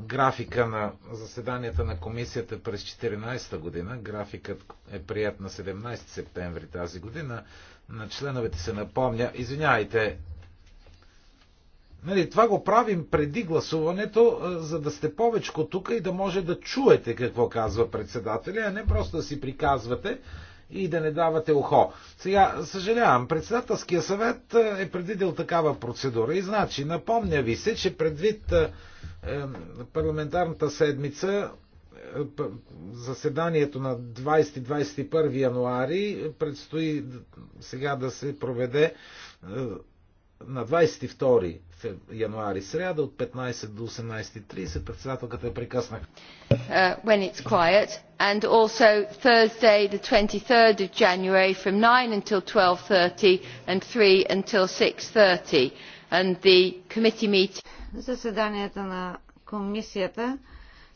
графика на заседанията на комисията през 2014 година. Графикът е прият на 17 септември тази година. На членовете се напомня, извинявайте, Нали, това го правим преди гласуването, за да сте повече тук и да може да чуете какво казва председателя, а не просто да си приказвате, и да не давате ухо. Сега, съжалявам, председателския съвет е, е предвидил такава процедура и значи, напомня ви се, че предвид е, е, парламентарната седмица заседанието на 20-21 януари предстои сега да се проведе на 22 януари, сряда, от 15 до 18.30. Председателката е прекъсна. Uh, when it's quiet. And also Thursday, the 23rd of January, from 9 until 12.30 and 3 until 6.30. And the committee meeting... Заседанията на комисията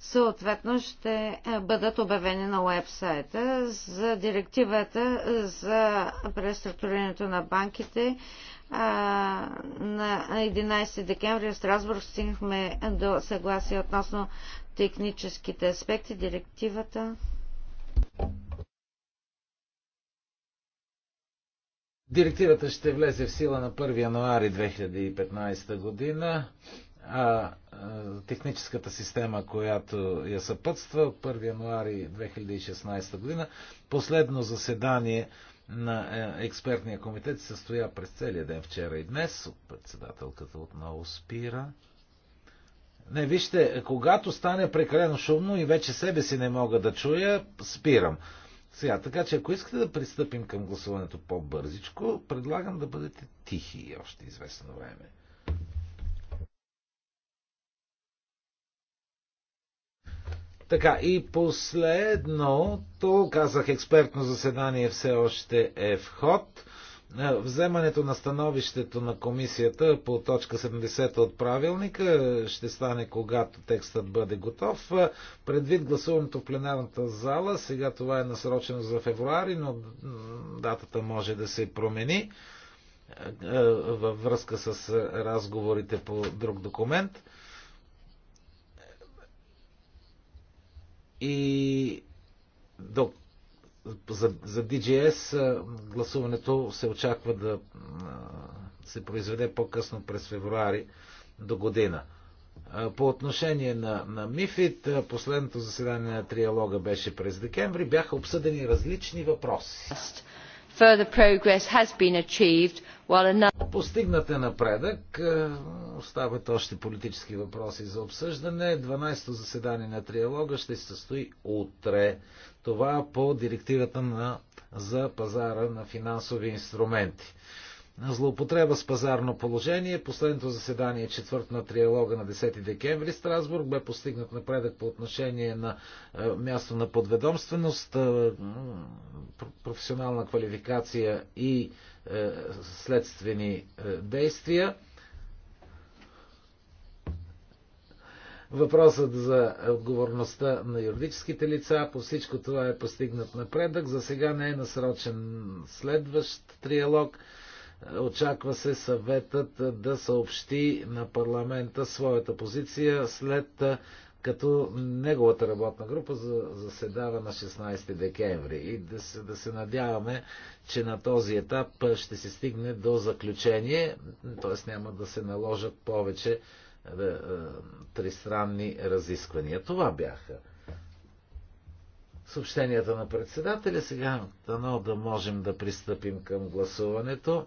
съответно ще е, бъдат обявени на уебсайта. За директивата за преструктурирането на банките е, на 11 декември в Страсбург стигнахме до съгласие относно техническите аспекти. Директивата. Директивата ще влезе в сила на 1 януари 2015 година а техническата система, която я съпътства 1 януари 2016 година. Последно заседание на е, експертния комитет се състоя през целия ден вчера и днес. Председателката отново спира. Не, вижте, когато стане прекалено шумно и вече себе си не мога да чуя, спирам. Сега, така че ако искате да пристъпим към гласуването по-бързичко, предлагам да бъдете тихи още известно време. Така, и последно, то казах, експертно заседание все още е в ход. Е, вземането на становището на комисията по точка 70 от правилника ще стане когато текстът бъде готов. Е, предвид гласуването в пленарната зала, сега това е насрочено за февруари, но датата може да се промени е, във връзка с разговорите по друг документ. и до, за, за DGS гласуването се очаква да се произведе по-късно през февруари до година. По отношение на, на МИФИТ, последното заседание на триалога беше през декември, бяха обсъдени различни въпроси. Further progress has been achieved Постигнат е напредък. Остават още политически въпроси за обсъждане. 12-то заседание на триалога ще се състои утре. Това по директивата на, за пазара на финансови инструменти. Злоупотреба с пазарно положение. Последното заседание четвърт на триалога на 10 декември Страсбург бе постигнат напредък по отношение на е, място на подведомственост, е, професионална квалификация и е, следствени е, действия. Въпросът за отговорността на юридическите лица, по всичко това е постигнат напредък. За сега не е насрочен следващ триалог. Очаква се съветът да съобщи на парламента своята позиция след е, като неговата работна група заседава на 16 декември и да се, да се надяваме, че на този етап ще се стигне до заключение, т.е. няма да се наложат повече е, е, тристранни разисквания. Това бяха съобщенията на председателя. Сега дано да можем да пристъпим към гласуването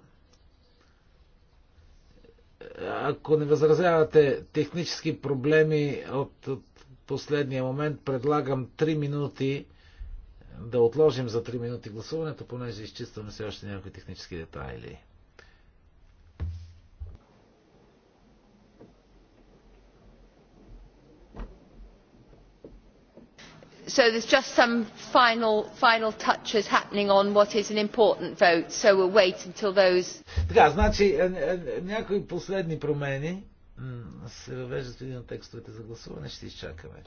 ако не възразявате технически проблеми от, от последния момент, предлагам 3 минути да отложим за 3 минути гласуването, понеже изчистваме все още някои технически детайли. so there are just some final touches happening on what is an important vote, so we'll wait until those... Така, значи някои последни промени се въвеждат в един от текстовете за гласуване, ще изчакаме.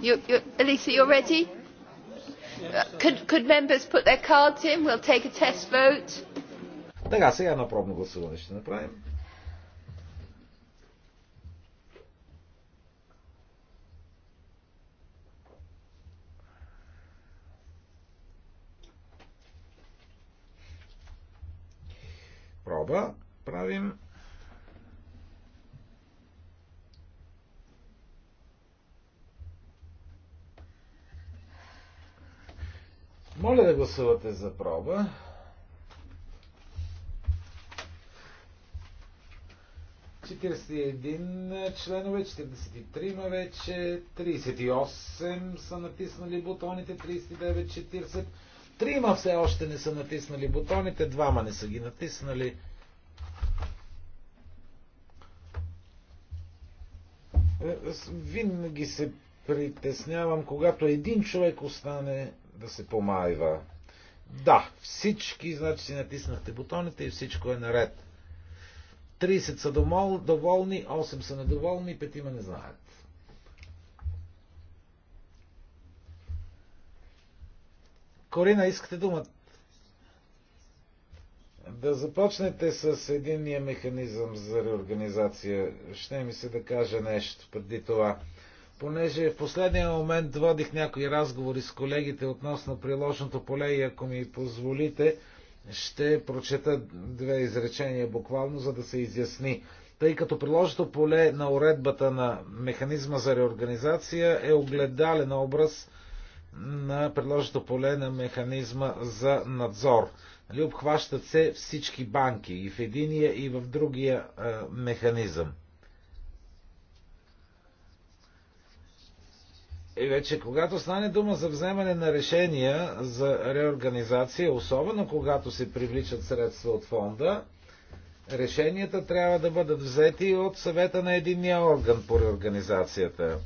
You, you, Elisa, you're ready? Could, could members put their cards in? We'll take a test vote. Така, сега едно пробно гласуване ще направим. гласувате за проба. един членове, 43 ма вече, 38 са натиснали бутоните, 39, 40. ма все още не са натиснали бутоните, двама не са ги натиснали. Е, винаги се притеснявам, когато един човек остане да се помайва. Да, всички, значи си натиснахте бутоните и всичко е наред. 30 са доволни, 8 са недоволни, 5 има не знаят. Корина, искате думата? Да започнете с единния механизъм за реорганизация. Ще ми се да кажа нещо преди това понеже в последния момент водих някои разговори с колегите относно приложното поле и ако ми позволите, ще прочета две изречения буквално, за да се изясни. Тъй като приложното поле на уредбата на механизма за реорганизация е огледален образ на приложното поле на механизма за надзор. Нали, обхващат се всички банки и в единия и в другия е, механизъм. И е, вече когато стане дума за вземане на решения за реорганизация, особено когато се привличат средства от фонда, решенията трябва да бъдат взети от съвета на единния орган по реорганизацията.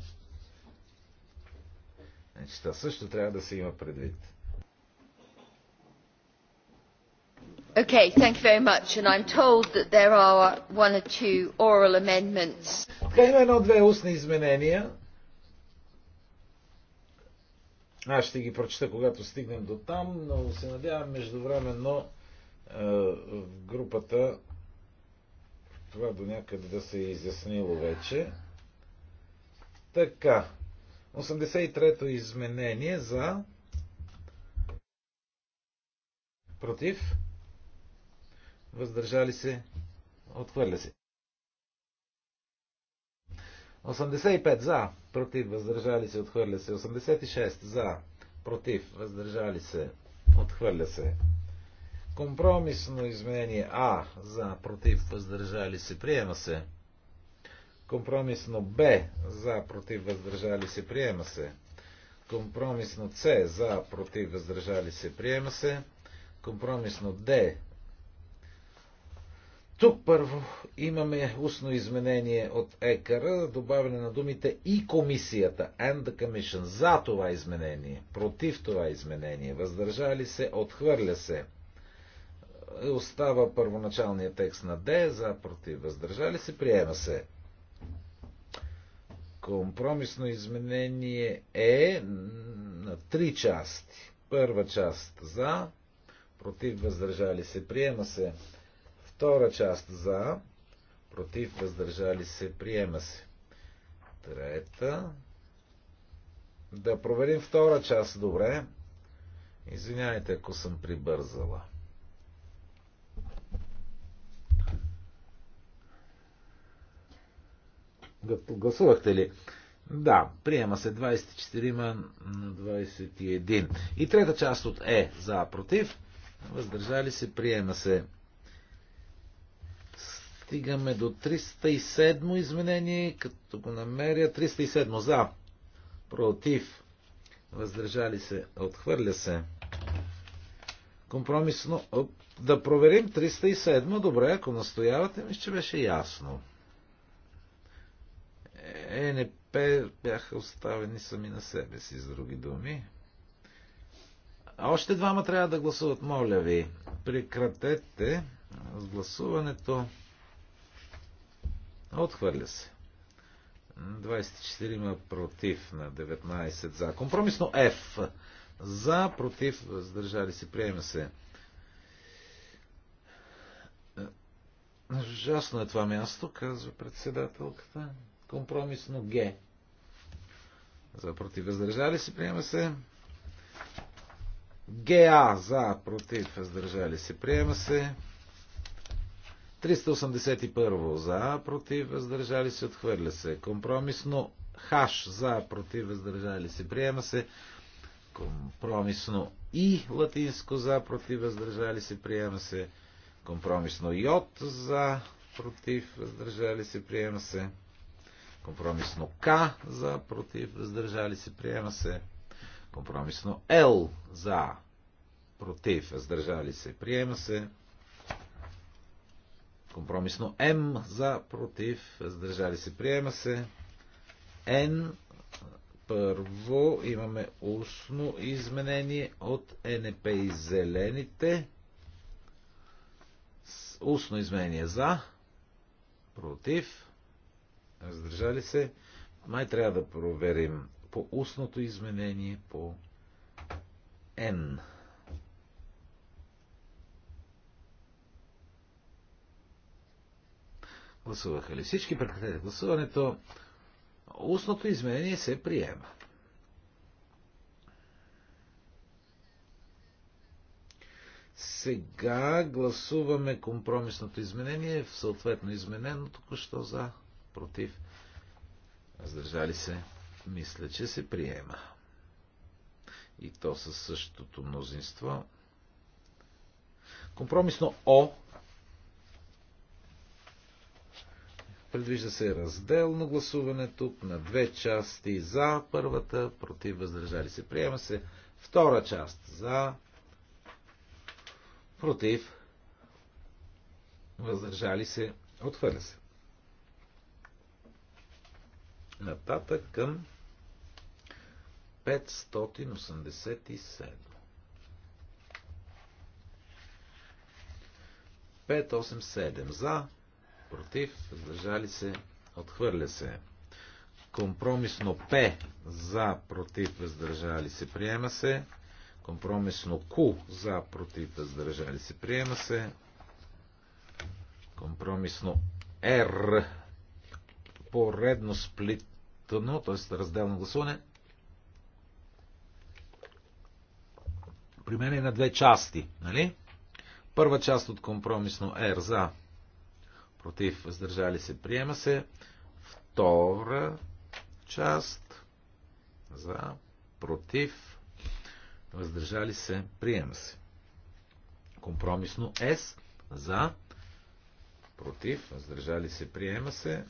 Значи, това също трябва да се има предвид. Okay, thank you very much. And I'm told that there are one or two oral amendments. Така има едно-две устни изменения. Аз ще ги прочета, когато стигнем до там, но се надявам междувременно е, в групата това до някъде да се е изяснило вече. Така. 83-то изменение за против въздържали се отхвърля се. 85 за, против, въздържали се, отхвърля се. 86 за, против, въздържали се, отхвърля се. Компромисно изменение А за, против, въздържали се, приема се. Компромисно Б за, против, въздържали се, приема се. Компромисно С за, против, въздържали се, приема се. Компромисно Д тук първо имаме устно изменение от ЕКАРА, добавяне на думите и комисията, and the commission, за това изменение, против това изменение, въздържали се, отхвърля се. Остава първоначалния текст на Д, за, против, въздържали се, приема се. Компромисно изменение е на три части. Първа част за, против, въздържали се, приема се. Втора част за, против, въздържали се, приема се. Трета. Да проверим втора част, добре. Извинявайте, ако съм прибързала. Гласувахте ли? Да, приема се 24 на 21. И трета част от Е за против. Въздържали се, приема се Стигаме до 307 изменение, като го намеря. 307 за, против, въздържали се, отхвърля се. Компромисно да проверим 307, добре, ако настоявате, мисля, че беше ясно. ЕНП бяха оставени сами на себе си, с други думи. А още двама трябва да гласуват, моля ви. Прекратете с гласуването. Отхвърля се. 24 има против на 19 за. Компромисно F. За, против, въздържали се, приема се. Ужасно е това място, казва председателката. Компромисно Г. За, против, въздържали се, приема се. ГА за, против, въздържали се, приема се. 381 за, против, въздържали се, отхвърля се. Компромисно хаш за, против, въздържали се, приема се. Компромисно и латинско за, против, въздържали се, приема се. Компромисно йод за, против, въздържали се, приема се. Компромисно К за, против, въздържали се, приема се. Компромисно Л за, против, въздържали се, приема се. Компромисно М за, против, въздържали се, приема се. Н първо имаме устно изменение от НП и зелените. устно изменение за, против, въздържали се. Май трябва да проверим по устното изменение по N. Гласуваха ли всички? Прекратете гласуването. Устното изменение се приема. Сега гласуваме компромисното изменение в съответно изменено току-що за, против, раздържали се. Мисля, че се приема. И то със същото мнозинство. Компромисно О Предвижда се разделно гласуване тук на две части за първата, против въздържали се. Приема се втора част за, против въздържали се. Отхвърля се. Нататък към 587. 587 за, против, въздържали се, отхвърля се. Компромисно П за, против, въздържали се, приема се. Компромисно Q за, против, въздържали се, приема се. Компромисно R поредно сплитно, т.е. разделно гласуване. Примене на две части, нали? Първа част от компромисно R за против, въздържали се, приема се. Втора част за, против, въздържали се, приема се. Компромисно С за, против, въздържали се, приема се.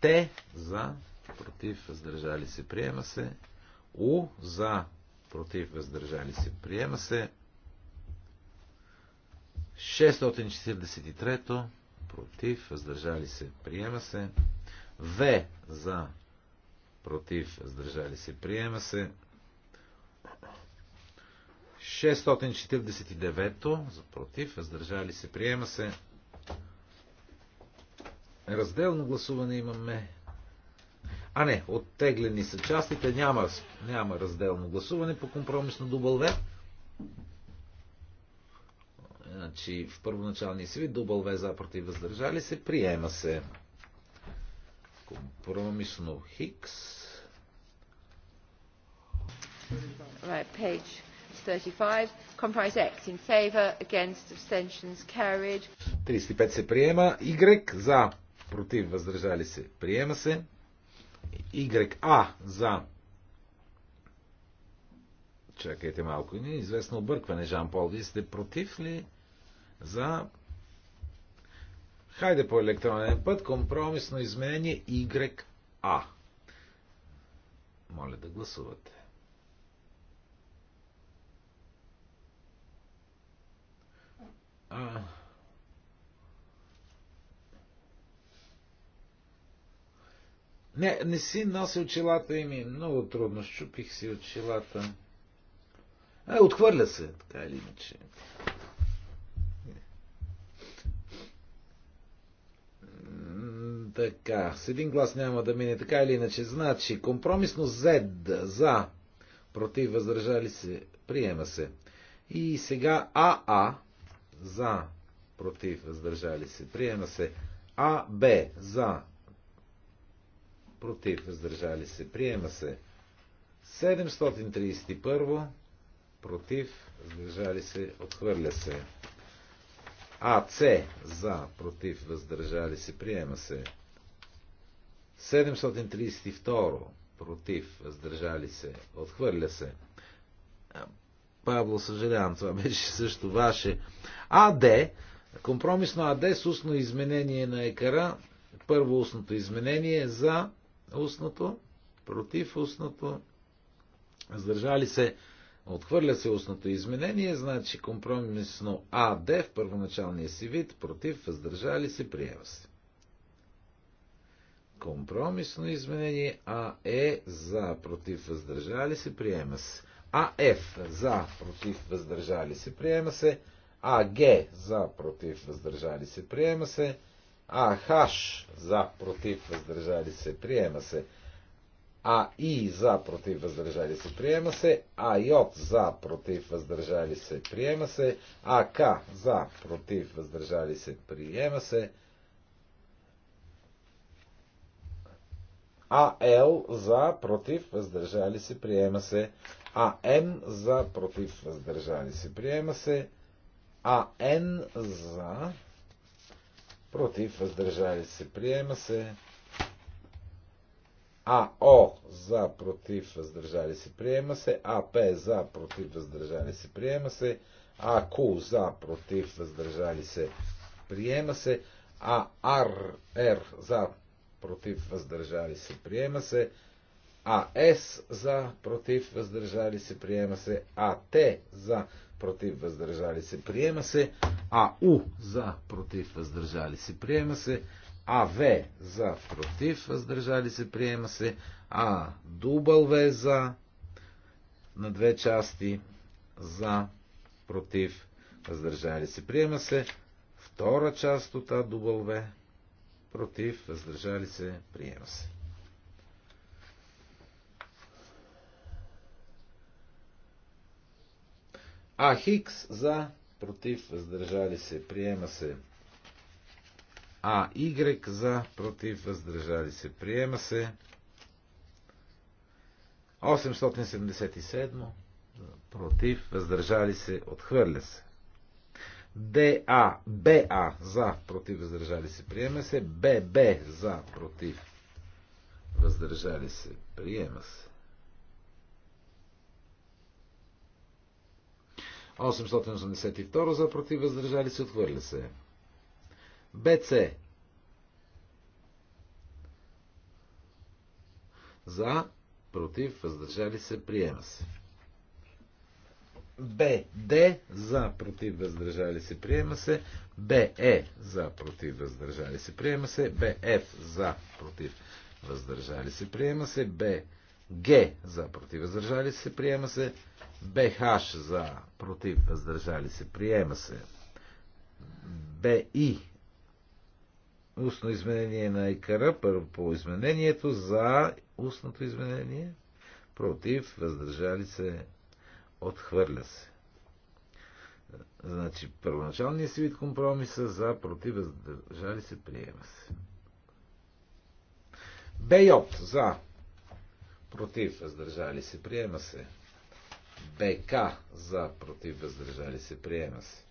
Т за, против, въздържали се, приема се. У за, против, въздържали се, приема се. 643 против, въздържали се, приема се. В за, против, въздържали се, приема се. 649 за против, въздържали се, приема се. Разделно гласуване имаме. А не, оттеглени са частите, няма, няма разделно гласуване по компромисно дубъл Значи в първоначалния си вид дубъл В за против въздържали се, приема се. Компромисно Хикс. Right, page 35. Compromise X in favor, against abstentions carried. 35 се приема. Y за против въздържали се, приема се. YA за Чакайте малко. Не, е известно объркване, Жан Пол. Вие сте против ли? За. Хайде по електронен път. Компромисно изменение YA. Моля да гласувате. А... Не, не си носи очилата и ми е много трудно. Щупих си очилата. А, е, отхвърля се, така или иначе. Така, с един глас няма да мине така или иначе. Значи, компромисно Z за, против, въздържали се, приема се. И сега АА за, против, въздържали се, приема се. АБ за, против, въздържали се, приема се. 731 против, въздържали се, отхвърля се. АЦ за, против, въздържали се, приема се. 732 против, въздържали се, отхвърля се. Павло, съжалявам, това <laughs> беше също ваше. АД, компромисно АД с устно изменение на екара, първо устното изменение за устното, против устното, въздържали се, отхвърля се устното изменение, значи компромисно АД в първоначалния си вид, против, въздържали се, приема се компромисно изменение АЕ за против въздържали се приема се. АФ за против въздържали се приема се. АГ за против въздържали се приема се. АХ за против въздържали се приема се. АИ за против въздържали се приема се. АЙ за против въздържали се приема се. АК за против въздържали се приема се. АЛ за, против, въздържали се, приема се. АМ за, против, въздържали се, приема се. АН за, против, въздържали се, приема се. АО за, против, въздържали се, приема се. АП за, против, въздържали се, приема се. АК за, против, въздържали се, приема се. АР за, против, въздържали се, приема се. А С за, против, въздържали се, приема се. А Т за, против, въздържали се, приема се. А У за, против, въздържали се, приема се. АВ за против, въздържали се, приема се. А дубъл В за на две части за против, въздържали се, приема се. Втора част от А дубъл В против, въздържали се, приема се. А Хикс за, против, въздържали се, приема се. А Y за, против, въздържали се, приема се. 877 против, въздържали се, отхвърля се. ДА, БА за против въздържали се приема се, ББ за против въздържали се приема се. 882 за против въздържали се отхвърля се. БЦ за против въздържали се приема се. Б, Д, за, против, въздържали се, приема се. Б, Е, за, против, въздържали се, приема се. Б, Ф, за, против, въздържали се, приема се. Б, Г, за, против, въздържали се, приема се. Б, за, против, въздържали се, приема се. Б, И, устно изменение на Икара, първо по изменението, за устното изменение, против, въздържали се, Отхвърля се. Значи, първоначалният си вид компромиса за против въздържали се приема се. Бейот за против въздържали се приема се. БК за против въздържали се приема се.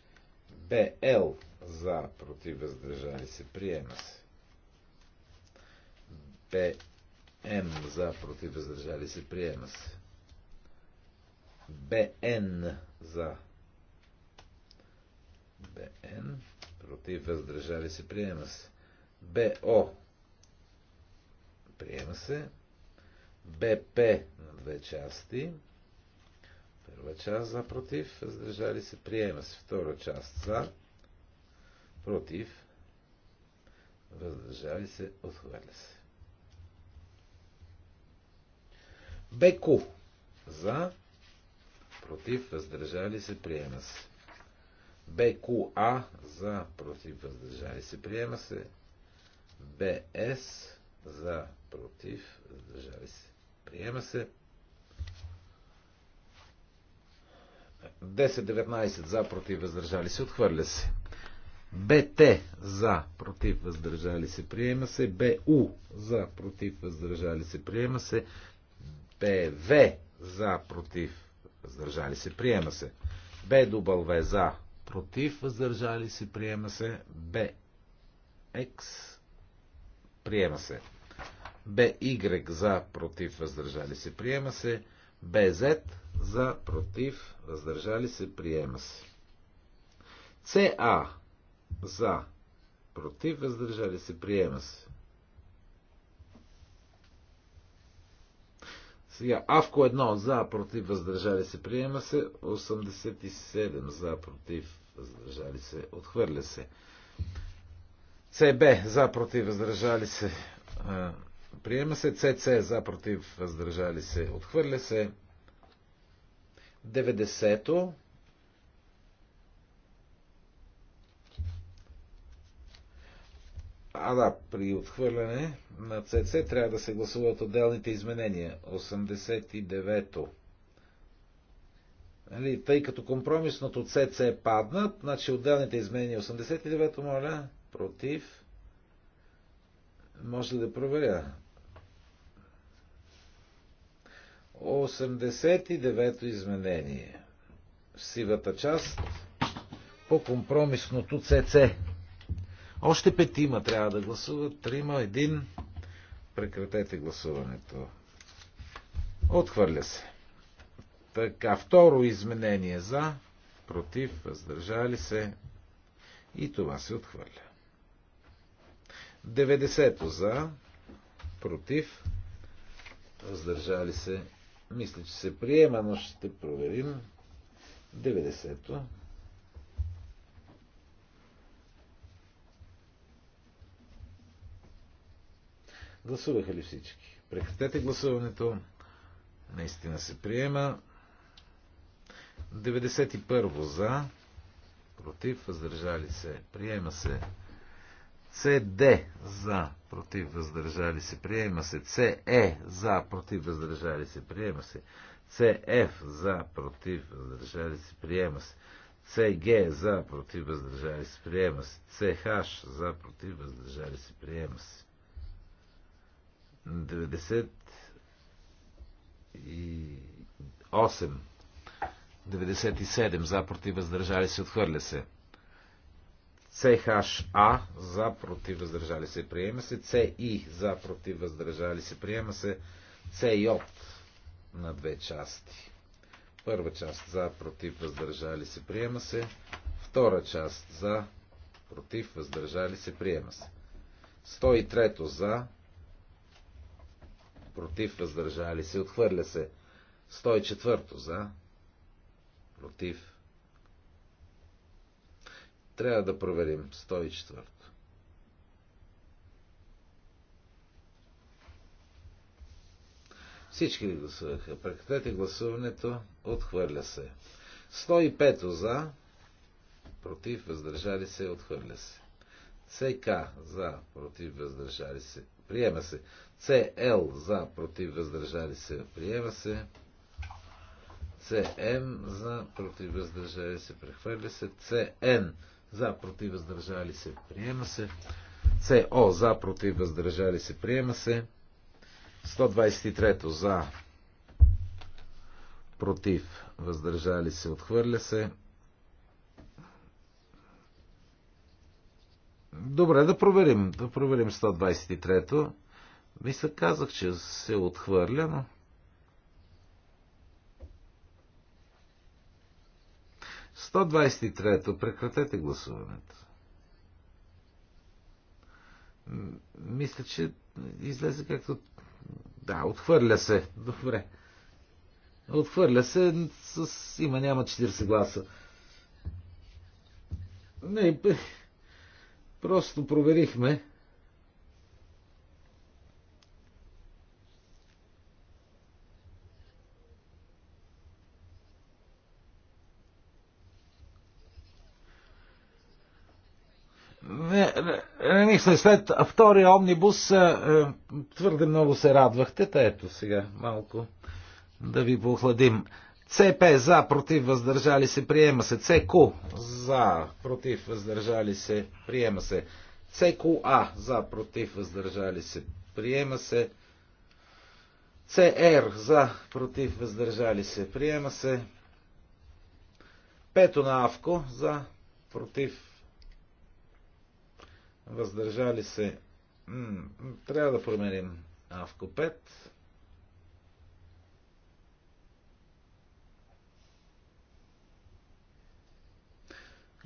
БЛ за против въздържали се приема се. БМ за против въздържали се приема се. БН за БН против въздържали се приема се БО приема се БП на две части първа част за против въздържали се приема се втора част за против въздържали се отхвърля се БК за против, въздържали се, приема се. БКА за против, въздържали се, приема се. БС за против, въздържали се, приема се. 10-19 за против, въздържали се, отхвърля се. БТ за против, въздържали се, приема се. БУ за против, въздържали се, приема се. БВ за против, въздържали се, приема се. Б В за, против, въздържали се, приема се. Б X, приема се. Б Y за, против, въздържали се, приема се. Б Z за, против, въздържали се, приема се. С А за, против, въздържали се, приема се. Сега, Авко 1 за, против, въздържали се, приема се. 87 за, против, въздържали се, отхвърля се. ЦБ за, против, въздържали се, приема се. ЦЦ за, против, въздържали се, отхвърля се. 90-то А да, при отхвърляне на ЦЦ трябва да се гласуват отделните изменения. 89-то. Нали, тъй като компромисното ЦЦ е паднат, значи отделните изменения 89-то, моля, против. Може ли да проверя? 89-то изменение. В сивата част по компромисното ЦЦ. Още петима трябва да гласуват. Трима, един. Прекратете гласуването. Отхвърля се. Така, второ изменение за, против, въздържали се и това се отхвърля. 90 за, против, въздържали се. Мисля, че се приема, но ще проверим. 90-то. Гласуваха ли всички? Прекратете гласуването. Наистина се приема. 91 за. Против. Въздържали се. Приема се. CD за. Против. Въздържали се. Приема се. CE е за. Против. Въздържали се. Приема се. CF за. Против. Въздържали се. Приема се. CG за. Против. Въздържали се. Приема се. CH за. Против. Въздържали се. Приема се. 90 и 8. 97 за против въздържали се отхвърля се. ЦХА за против въздържали се приема се. ЦИ за против въздържали се приема се. ЦЙ на две части. Първа част за против въздържали се приема се. Втора част за против въздържали се приема се. 103 за против, въздържали се, отхвърля се. 104 за, против. Трябва да проверим 104. Всички ли гласуваха? Прекратете гласуването. Отхвърля се. 105 за, против, въздържали се, отхвърля се. Сейка за, против, въздържали се. Приема се. CL за против въздържали се приема се. CM за против въздържали се прехвърля се. CN за против въздържали се приема се. CO за против въздържали се приема се. 123 за против въздържали се отхвърля се. Добре, да проверим. Да проверим 123-то. Мисля, казах, че се отхвърля, но... Сто прекратете гласуването. Мисля, че излезе както... Да, отхвърля се. Добре. Отхвърля се с... Има, няма 40 гласа. Не, просто проверихме. мисля, след втория омнибус е, е, твърде много се радвахте. Та ето сега малко да ви похладим. ЦП за, против, въздържали се, приема се. ЦК за, против, въздържали се, приема се. А, за, против, въздържали се, приема се. ЦР за, против, въздържали се, приема се. Пето на Авко за, против, въздържали се. М трябва да променим Авко 5.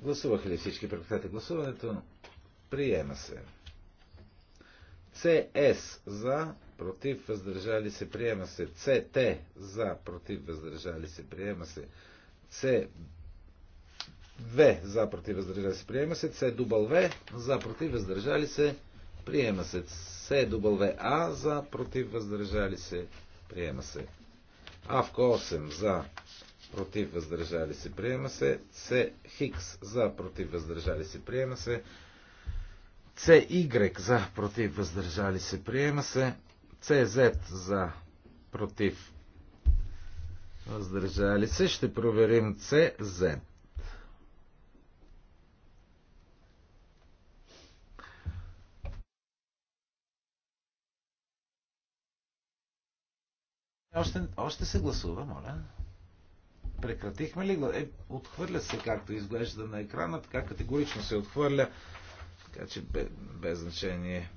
Гласуваха ли всички? Прекратете гласуването. Приема се. CS за, против, въздържали се, приема се. CT за, против, въздържали се, приема се. CB в за против въздържали се приема се. С В, за против въздържали се приема се. С В. А за против въздържали се приема се. Авко 8 за против въздържали се приема се. С Хикс за против въздържали се приема се. С Y за против въздържали се приема се. С Z за против въздържали се. Ще проверим С Z. Още, още се гласува, моля. Прекратихме ли? Е, отхвърля се, както изглежда на екрана, така категорично се отхвърля. Така че без, без значение.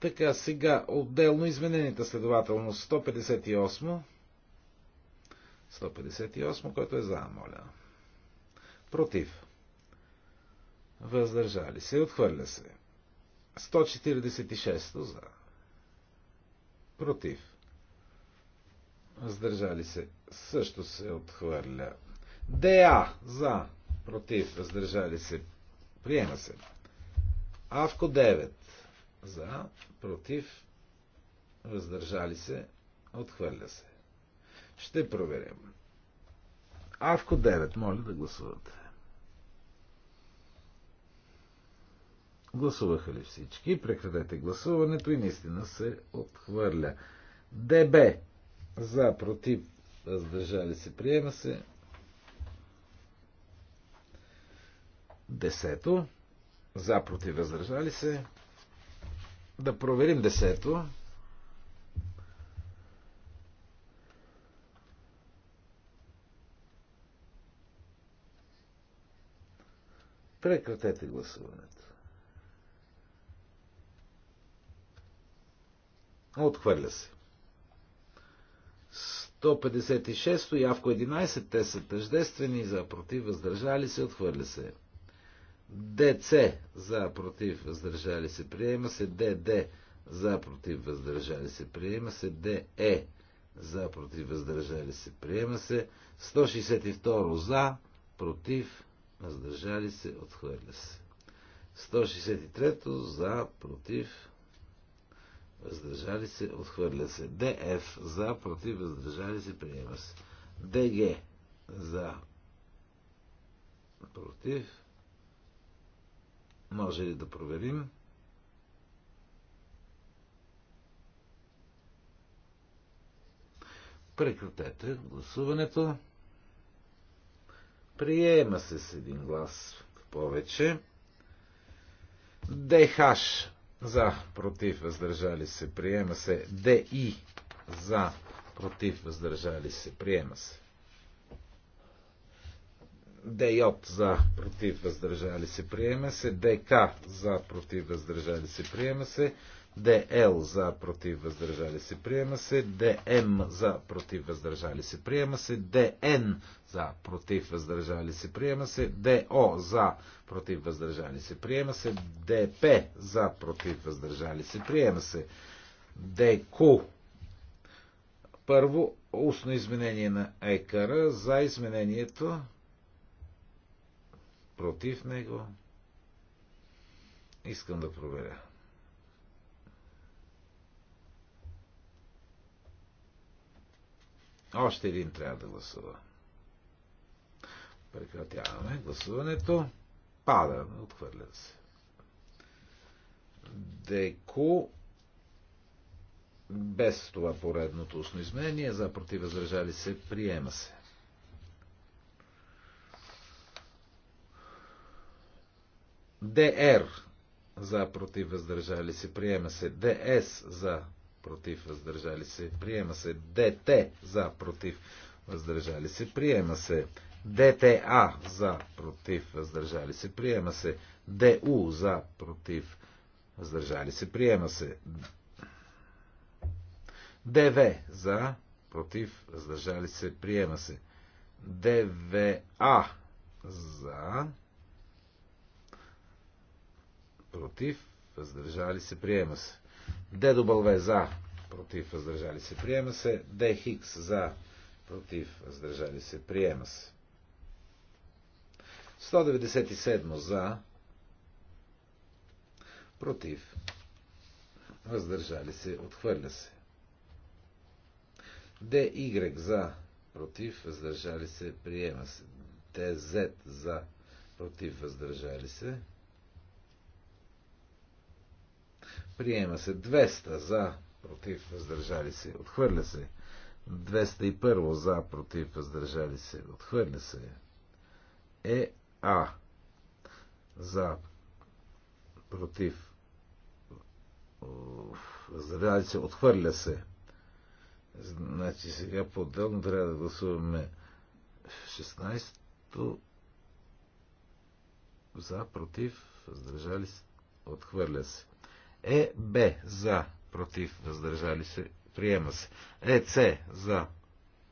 Така, сега отделно изменените следователно 158. 158, който е за, моля. Против. Въздържали се, отхвърля се. 146 за. Против. Въздържали се. Също се отхвърля. ДА за. Против. Въздържали се. Приема се. Авко 9 за. Против. Въздържали се. Отхвърля се. Ще проверим. Авко 9. Моля да гласувате. Гласуваха ли всички? Прекратете гласуването и наистина се отхвърля. ДБ за, против, въздържали се, приема се. Десето. За, против, въздържали се. Да проверим десето. Прекратете гласуването. Отхвърля се. 156 явко 11, те са тъждествени, за против, въздържали се, отхвърля се. ДЦ за против, въздържали се, приема се. ДД за против, въздържали се, приема се. ДЕ за против, въздържали се, приема се. 162 за против, въздържали се, отхвърля се. 163 за против, въздържали се, отхвърля се. ДФ за, против, въздържали се, приема се. ДГ за, против. Може ли да проверим? Прекратете гласуването. Приема се с един глас в повече. ДХ за, против, въздържали се, приема се. ДИ за, против, въздържали се, приема се. ДЙ за, против, въздържали се, приема се. ДК за, против, въздържали се, приема се. ДЛ за против въздържали се приема се, ДМ за против въздържали се приема се, ДН за против въздържали се приема се, ДО за против въздържали се приема се, ДП за против въздържали се приема се, ДК първо устно изменение на екара за изменението против него. Искам да проверя. Още един трябва да гласува. Прекратяваме гласуването. Пада, отхвърля се. Деко без това поредното устно изменение, за против се, приема се. ДР за против въздържали се, приема се. ДС за против, въздържали се, приема се. ДТ за, против, въздържали се, приема се. ДТА за, против, въздържали се, приема се. ДУ за, против, въздържали се, приема се. ДВ за, против, въздържали се, приема се. ДВА за, против, въздържали се, приема се. ДW за, против, въздържали се, приема се. Хикс за, против, въздържали се, приема се. 197 за, против, въздържали се, отхвърля се. Y за, против, въздържали се, приема се. Z за, против, въздържали се, Приема се 200 за, против, въздържали се, отхвърля се. 201 за, против, въздържали се, отхвърля се. Е, А. За, против, въздържали се, отхвърля се. Значи сега по-отделно трябва да гласуваме 16-то за, против, въздържали се, отхвърля се. Е, Б за, против, въздържали се, приема се. Е, С за,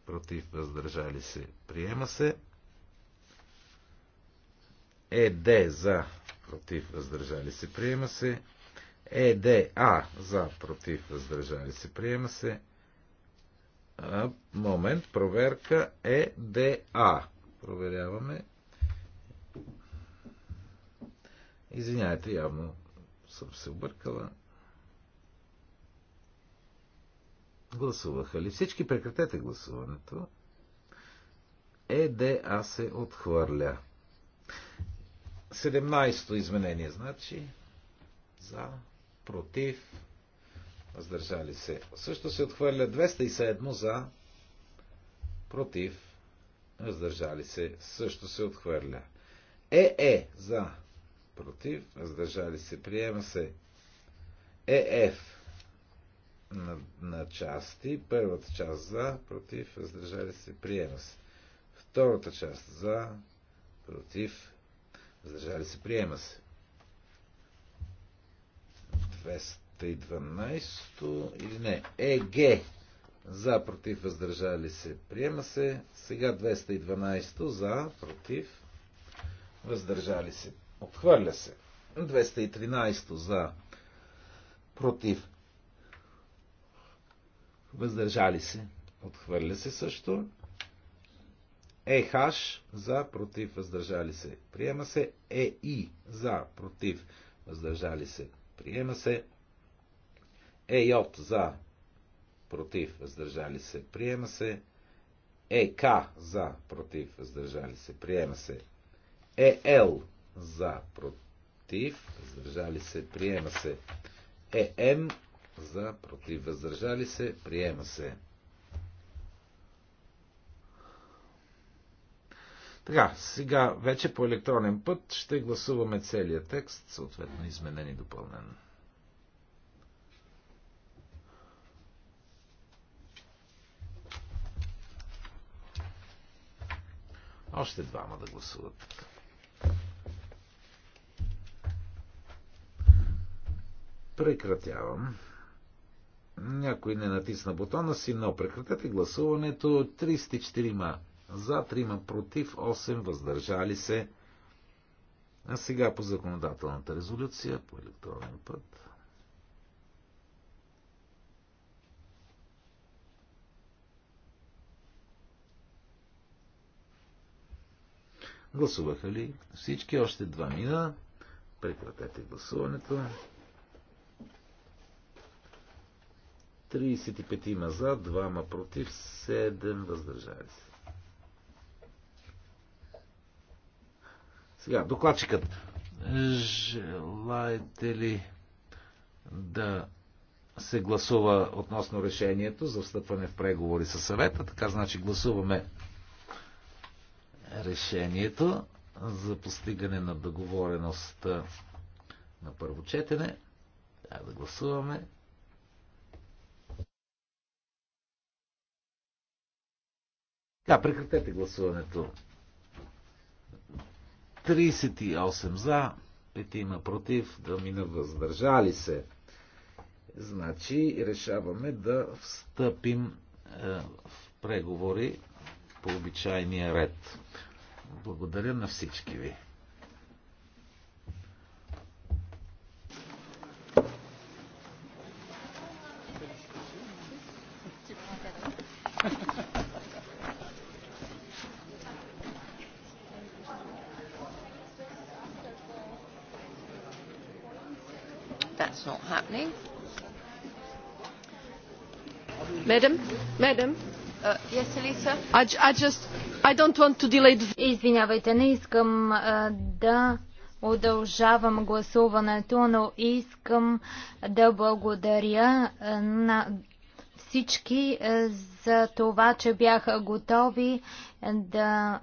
против, въздържали се, приема се. Е, Д за, против, въздържали се, приема се. Е, Д, А за, против, въздържали се, приема се. А, момент, проверка Е, Д, А. Проверяваме. Извинявайте, явно съм се объркала. Гласуваха ли всички? Прекратете гласуването. ЕДА се отхвърля. 17-то изменение, значи. За, против, въздържали се. Също се отхвърля 207 за, против, въздържали се. Също се отхвърля. Е, е, за, против, въздържали се, приема се. ЕФ на, на части, първата част за, против, въздържали се, приема се. Втората част за, против, въздържали се, приема се. 212 или не, ЕГ за, против, въздържали се, приема се. Сега 212 за, против, въздържали се, Отхвърля се. 213 за. Против. Въздържали се. Отхвърля се също. ЕХ за против въздържали се. Приема се ЕИ за против въздържали се. Приема се ЕЙ за против въздържали се. Приема се ЕК за против въздържали се. Приема се ЕЛ за, против, въздържали се, приема се. ЕМ за, против, въздържали се, приема се. Така, сега вече по електронен път ще гласуваме целия текст, съответно изменен и допълнен. Още двама да гласуват. Прекратявам. Някой не натисна бутона си, но прекратете гласуването. 304 ма. за, 3 ма против, 8 въздържали се. А сега по законодателната резолюция, по електронен път. Гласуваха ли всички? Още два мина. Прекратете гласуването. 35 има за, 2 ма против, 7 въздържали се. Сега, докладчикът. Желаете ли да се гласува относно решението за встъпване в преговори със съвета? Така, значи гласуваме решението за постигане на договореност на първо четене. Трябва да гласуваме. Така, прекратете гласуването. 38 за, 5 има против, да мина въздържали се. Значи решаваме да встъпим е, в преговори по обичайния ред. Благодаря на всички ви. Uh, Извинявайте, не искам да удължавам гласуването, но искам да благодаря на всички за това, че бяха готови да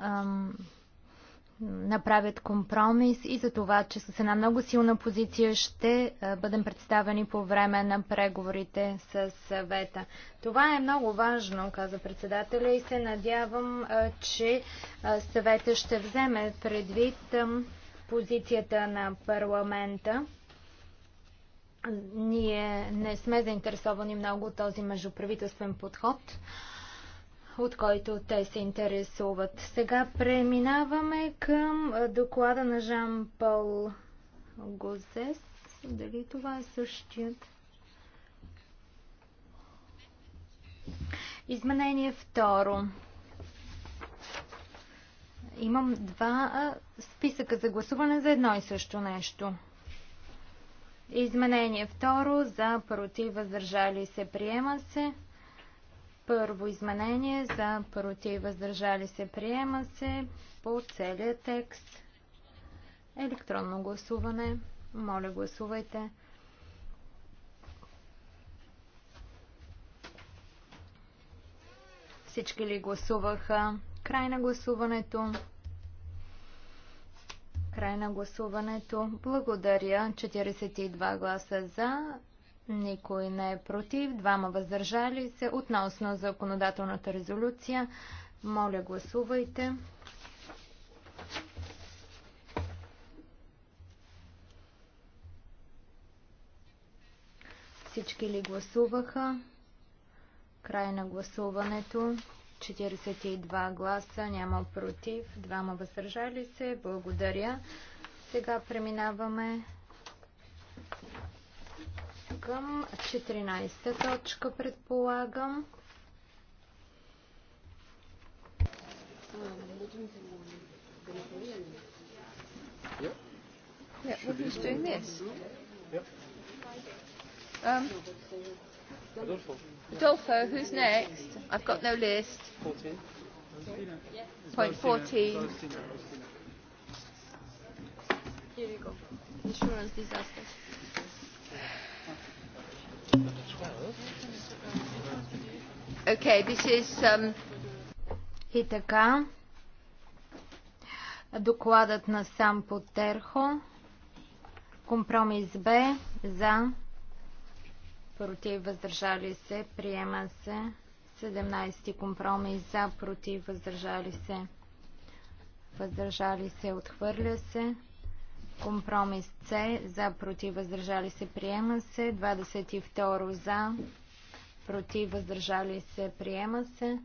направят компромис и за това, че с една много силна позиция ще е, бъдем представени по време на преговорите с съвета. Това е много важно, каза председателя и се надявам, е, че е, съвета ще вземе предвид позицията на парламента. Ние не сме заинтересовани много от този междуправителствен подход от който те се интересуват. Сега преминаваме към доклада на Жан-Пол Гозес. Дали това е същият? Изменение второ. Имам два списъка за гласуване за едно и също нещо. Изменение второ за против въздържали се приема се. Първо изменение за против въздържали се приема се по целия текст. Електронно гласуване. Моля гласувайте. Всички ли гласуваха? Край на гласуването. Край на гласуването. Благодаря. 42 гласа за, никой не е против. Двама въздържали се. Относно законодателната резолюция, моля гласувайте. Всички ли гласуваха? Край на гласуването. 42 гласа, няма против, двама въздържали се. Благодаря. Сега преминаваме към 14 та точка, предполагам. Yeah. what is doing this? Yeah. Um, Adolfo. Adolfo, who's next? I've got no list. 14. Point 14. Here you go. Insurance disaster. Okay, this is, um... И така, докладът на сам Потерхо, компромис Б, за, против, въздържали се, приема се, 17 компромис за, против, въздържали се, въздържали се, отхвърля се. Компромис С за против въздържали се приема се. 22 за против въздържали се приема се.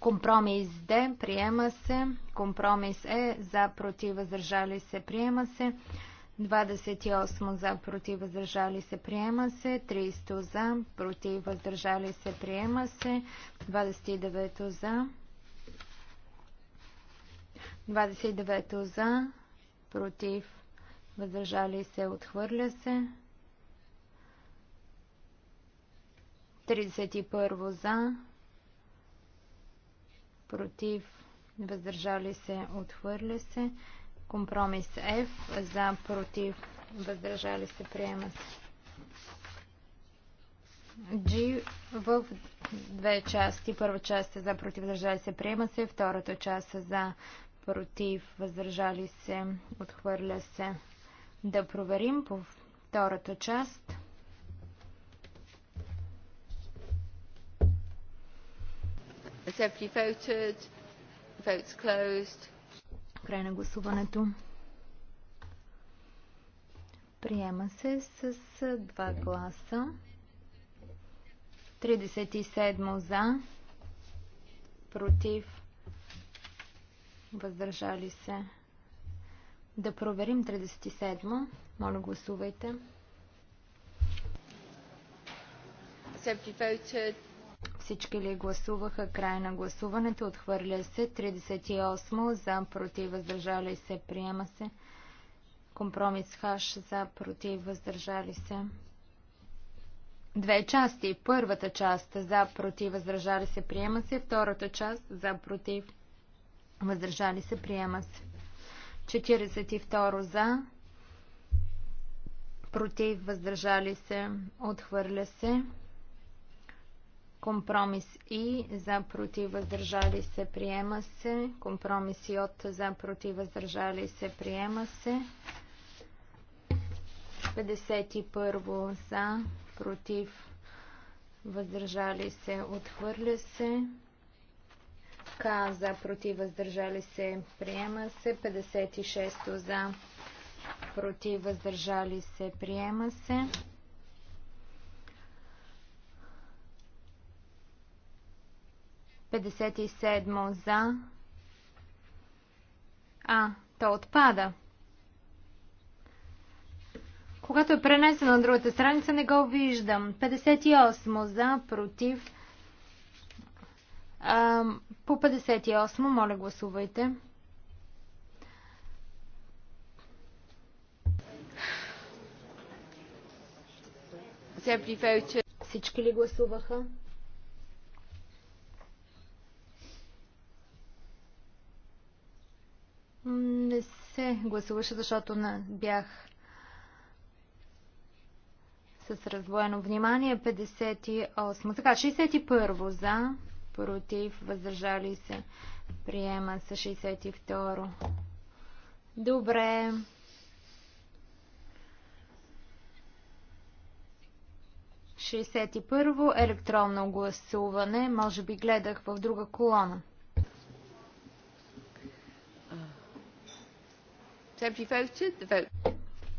Компромис Д приема се. Компромис Е за против въздържали се приема се. 28 за против въздържали се приема се. 30 за против въздържали се приема се. 29 за 29 за, против, въздържали се, отхвърля се. 31 за, против, въздържали се, отхвърля се. Компромис F за, против, въздържали се, приема се. G в две части. Първа част е за против въздържали се приема се, втората част е за против, въздържали се, отхвърля се. Да проверим по втората част. Край на гласуването. Приема се с два гласа. 37 за, против въздържали се. Да проверим 37. Моля, гласувайте. Всички ли гласуваха край на гласуването? Отхвърля се. 38 за против въздържали се. Приема се. Компромис хаш за против въздържали се. Две части. Първата част за против въздържали се. Приема се. Втората част за против въздържали се, приема се. 42 за, против, въздържали се, отхвърля се. Компромис И за против въздържали се приема се. Компромис И от за против въздържали се приема се. 51 за против въздържали се отхвърля се. К за против въздържали се приема се. 56 за против въздържали се приема се. Пятьдесят и седьмо за. А, то отпада. Когато е пренесено на другата страница, не го виждам. 58 за, против. По 58, моля гласувайте. Всички ли гласуваха? Не се гласуваше, защото не бях с раздвоено внимание. 58. Така, 61 за, против, въздържали се, приема се 62. Добре. Шестдесет и първо електронно гласуване. Може би гледах в друга колона.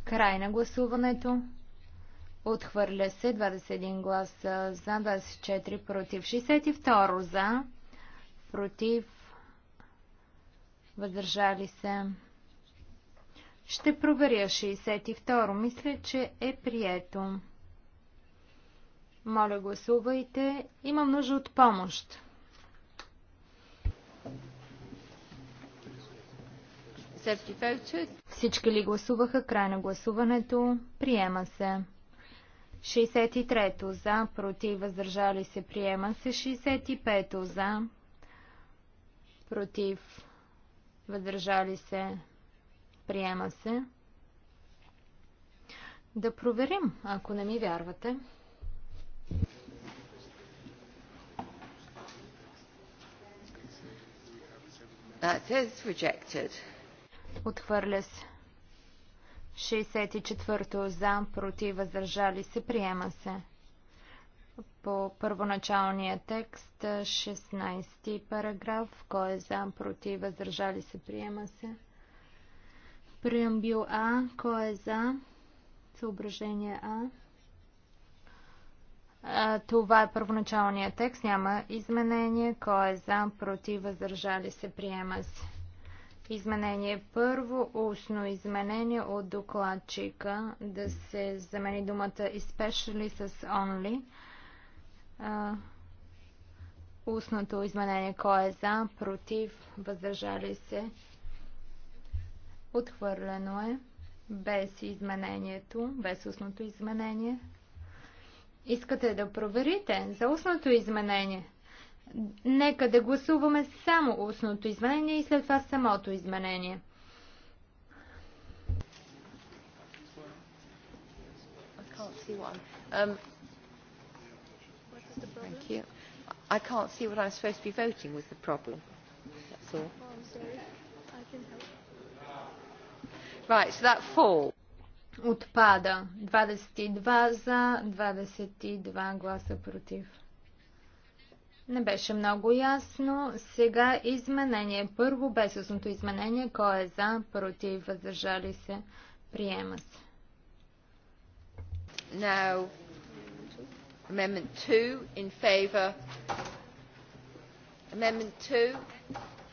Край на гласуването. Отхвърля се 21 гласа за, 24 против. 62 за, против, въздържали се. Ще проверя 62. Мисля, че е прието. Моля, гласувайте. Имам нужда от помощ. Всички ли гласуваха? Край на гласуването. Приема се. 63-то за, против, въздържали се, приема се. 65-то за, против, въздържали се, приема се. Да проверим, ако не ми вярвате. That is rejected. Отхвърля се. 64 за, против, въздържали се, приема се. По първоначалния текст, 16 параграф, кой е за, против, въздържали се, приема се. Преамбил А, кой е за, съображение А. Това е първоначалния текст, няма изменение. Кой е за, против, въздържали се, приема се. Изменение първо, устно изменение от докладчика да се замени думата especially с only. устното изменение кой е за, против, въздържали се. Отхвърлено е без изменението, без устното изменение. Искате да проверите за устното изменение? Нека да гласуваме само устното изменение и след това самото изменение. Um, thank you. I can't see what I'm supposed to be voting was the problem. That's all. Oh, I'm sorry. I can help. Right, so that fall. Отпада. 22 за, 22 гласа против. Не беше много ясно. Сега изменение. Първо безусното изменение. Кой е за, против, въздържали се, приема се. Now, amendment two in favor. Amendment two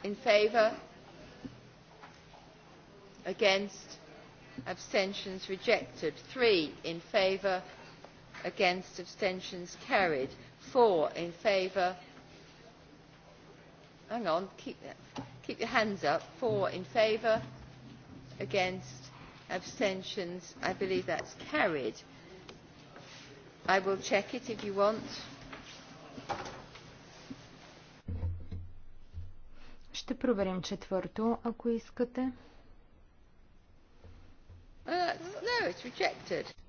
in favor. Against. Abstentions rejected. Three in favor. Against. Abstentions carried four in favour hang on keep, keep your hands up four in favour against abstentions I believe that's carried I will check it if you want Ще проверим четвърто, ако искате.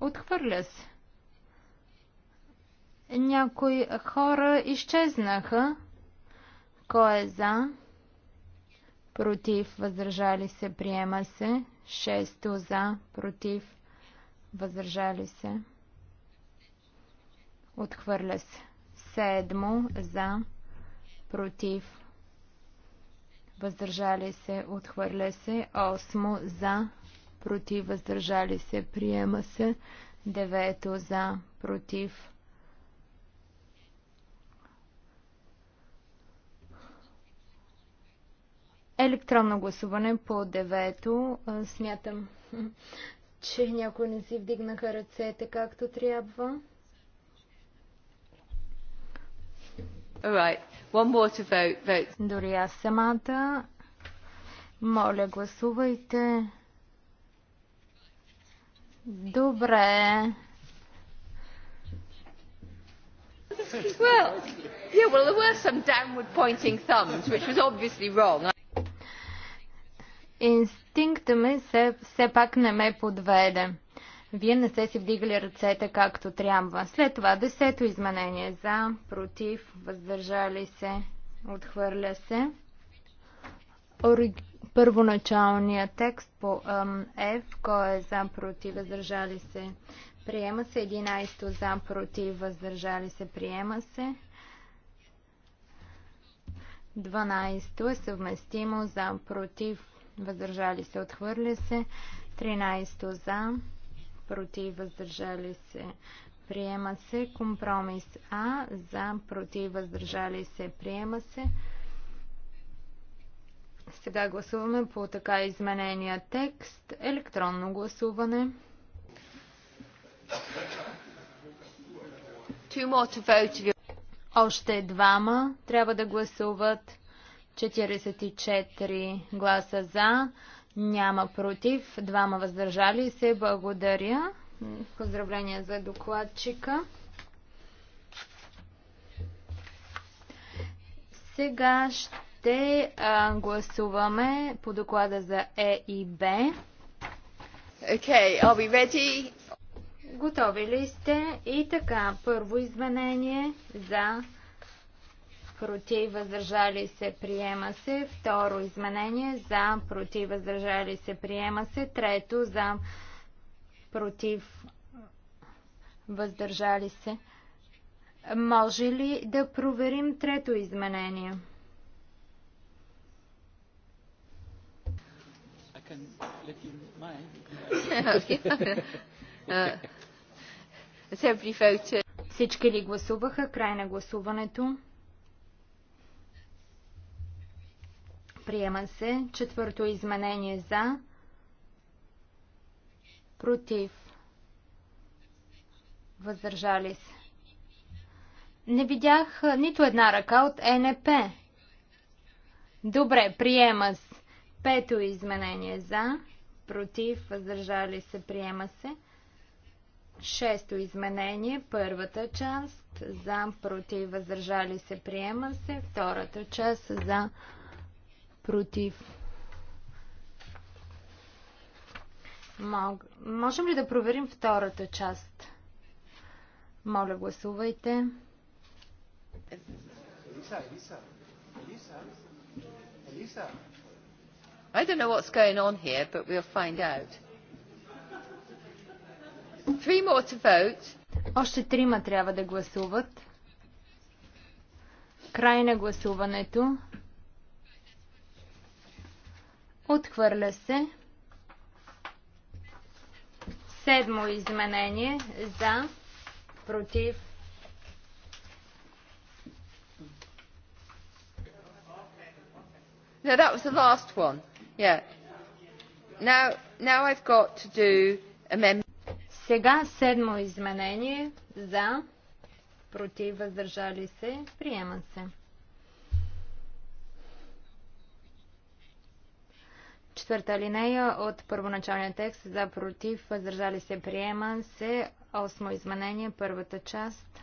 Отхвърля се. Някои хора изчезнаха. Кой е за? Против, възражали се, приема се. Шесто за, против, възражали се. Отхвърля се. Седмо за, против, въздържали се, отхвърля се. Осмо за, против, въздържали се, приема се. Девето за, против, Електронно гласуване по девето. Смятам, <laughs> че някои не си вдигнаха ръцете както трябва. Right. Vote. Vote. Дори аз самата. Моля, гласувайте. Добре. Well, yeah, well, there were some downward pointing thumbs, which was obviously wrong. Инстинкта ми все, все пак не ме подведе. Вие не сте си вдигали ръцете както трябва. След това десето изменение за, против, въздържали се, отхвърля се. Ориг... Първоначалният текст по F, кой е за, против, въздържали се, приема се. 11 за, против, въздържали се, приема се. 12 е съвместимо за, против, въздържали се, отхвърля се. 13 за, против, въздържали се, приема се. Компромис А, за, против, въздържали се, приема се. Сега гласуваме по така изменения текст. Електронно гласуване. Още двама трябва да гласуват. 44 гласа за, няма против, двама въздържали се. Благодаря. Поздравления за докладчика. Сега ще а, гласуваме по доклада за Е и Б. Okay, are we ready? Готови ли сте? И така, първо изменение за против, въздържали се, приема се. Второ изменение за, против, въздържали се, приема се. Трето за, против, въздържали се. Може ли да проверим трето изменение? <laughs> Uh, Всички ли гласуваха? Край на гласуването. Приема се. Четвърто изменение за. Против. Въздържали се. Не видях нито една ръка от НП. Добре, приема се. Пето изменение за. Против. Въздържали се. Приема се. Шесто изменение, първата част за, против, въздържали се, приема се, втората част за, против. Мог... Можем ли да проверим втората част? Моля, гласувайте. Елиса, Елиса, Елиса, Елиса. I don't know what's going on here, but we'll find out. Three more to vote. Още трима трябва да гласуват. Край на гласуването. Отхвърля се. Седмо изменение за против. No, that was the last one. Yeah. Now, now I've got to do amendment. Сега седмо изменение за против въздържали се. Приема се. Четвърта линия от първоначалния текст за против, въздържали се, приема се. Осмо изменение, първата част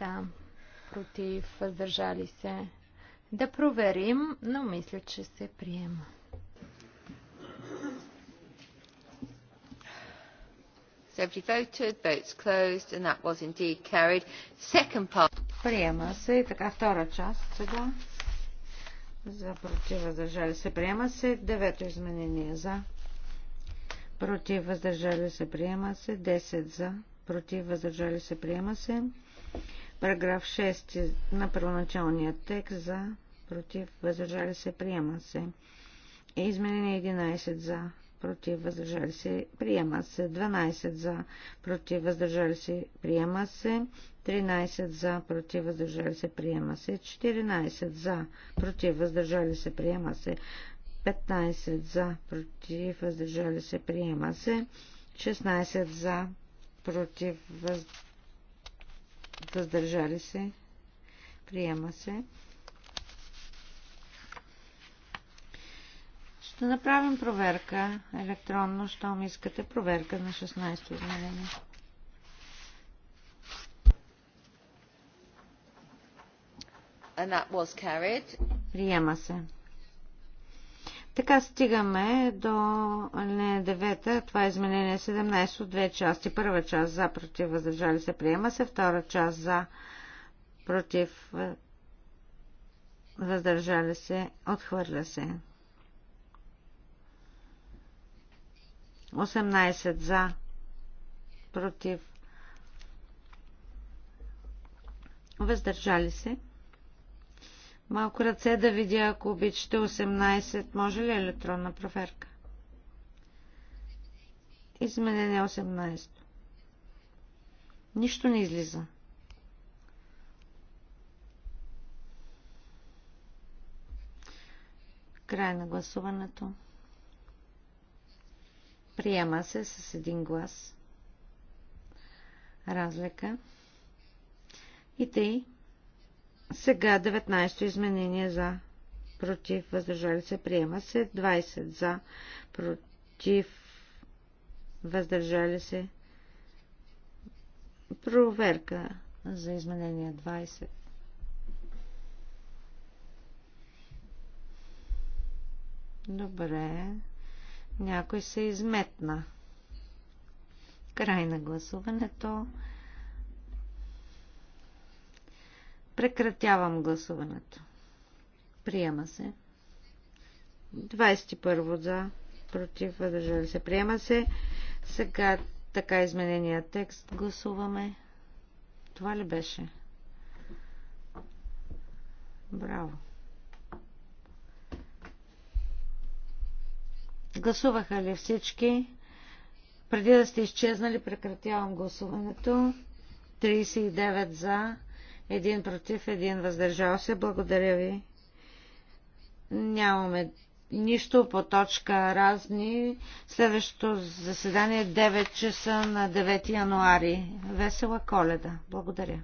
за против, въздържали се. Да проверим, но мисля, че се приема. Приема се и така втора част сега. За против въздържали се приема се. Девето изменение за. Против въздържали се приема се. 10 за. Против въздържали се приема се. Параграф 6 е на първоначалния текст за. Против въздържали се приема се. Изменение 11 за. Против въздържали се приема се. 12 за. Против въздържали се приема се. 13 за, против, въздържали се, приема се. 14 за, против, въздържали се, приема се. 15 за, против, въздържали се, приема се. 16 за, против, въздържали се, приема се. Ще направим проверка електронно, щом искате проверка на 16 изменение. And that was carried. Приема се. Така стигаме до алинея 9. Това е изменение 17 от две части. Първа част за, против, въздържали се, приема се. Втора част за, против, въздържали се, отхвърля се. 18 за, против, въздържали се. Малко ръце да видя, ако обичате 18. Може ли електронна проверка? Изменение 18. Нищо не излиза. Край на гласуването. Приема се с един глас. Разлика. И тъй сега 19 изменение за против, въздържали се, приема се. 20 за против, въздържали се. Проверка за изменение 20. Добре. Някой се изметна. Край на гласуването. Прекратявам гласуването. Приема се. 21 за, против, въздържали се. Приема се. Сега така изменения текст гласуваме. Това ли беше? Браво. Гласуваха ли всички? Преди да сте изчезнали, прекратявам гласуването. 39 за, един против, един въздържал се. Благодаря ви. Нямаме нищо по точка разни. Следващото заседание е 9 часа на 9 януари. Весела коледа. Благодаря.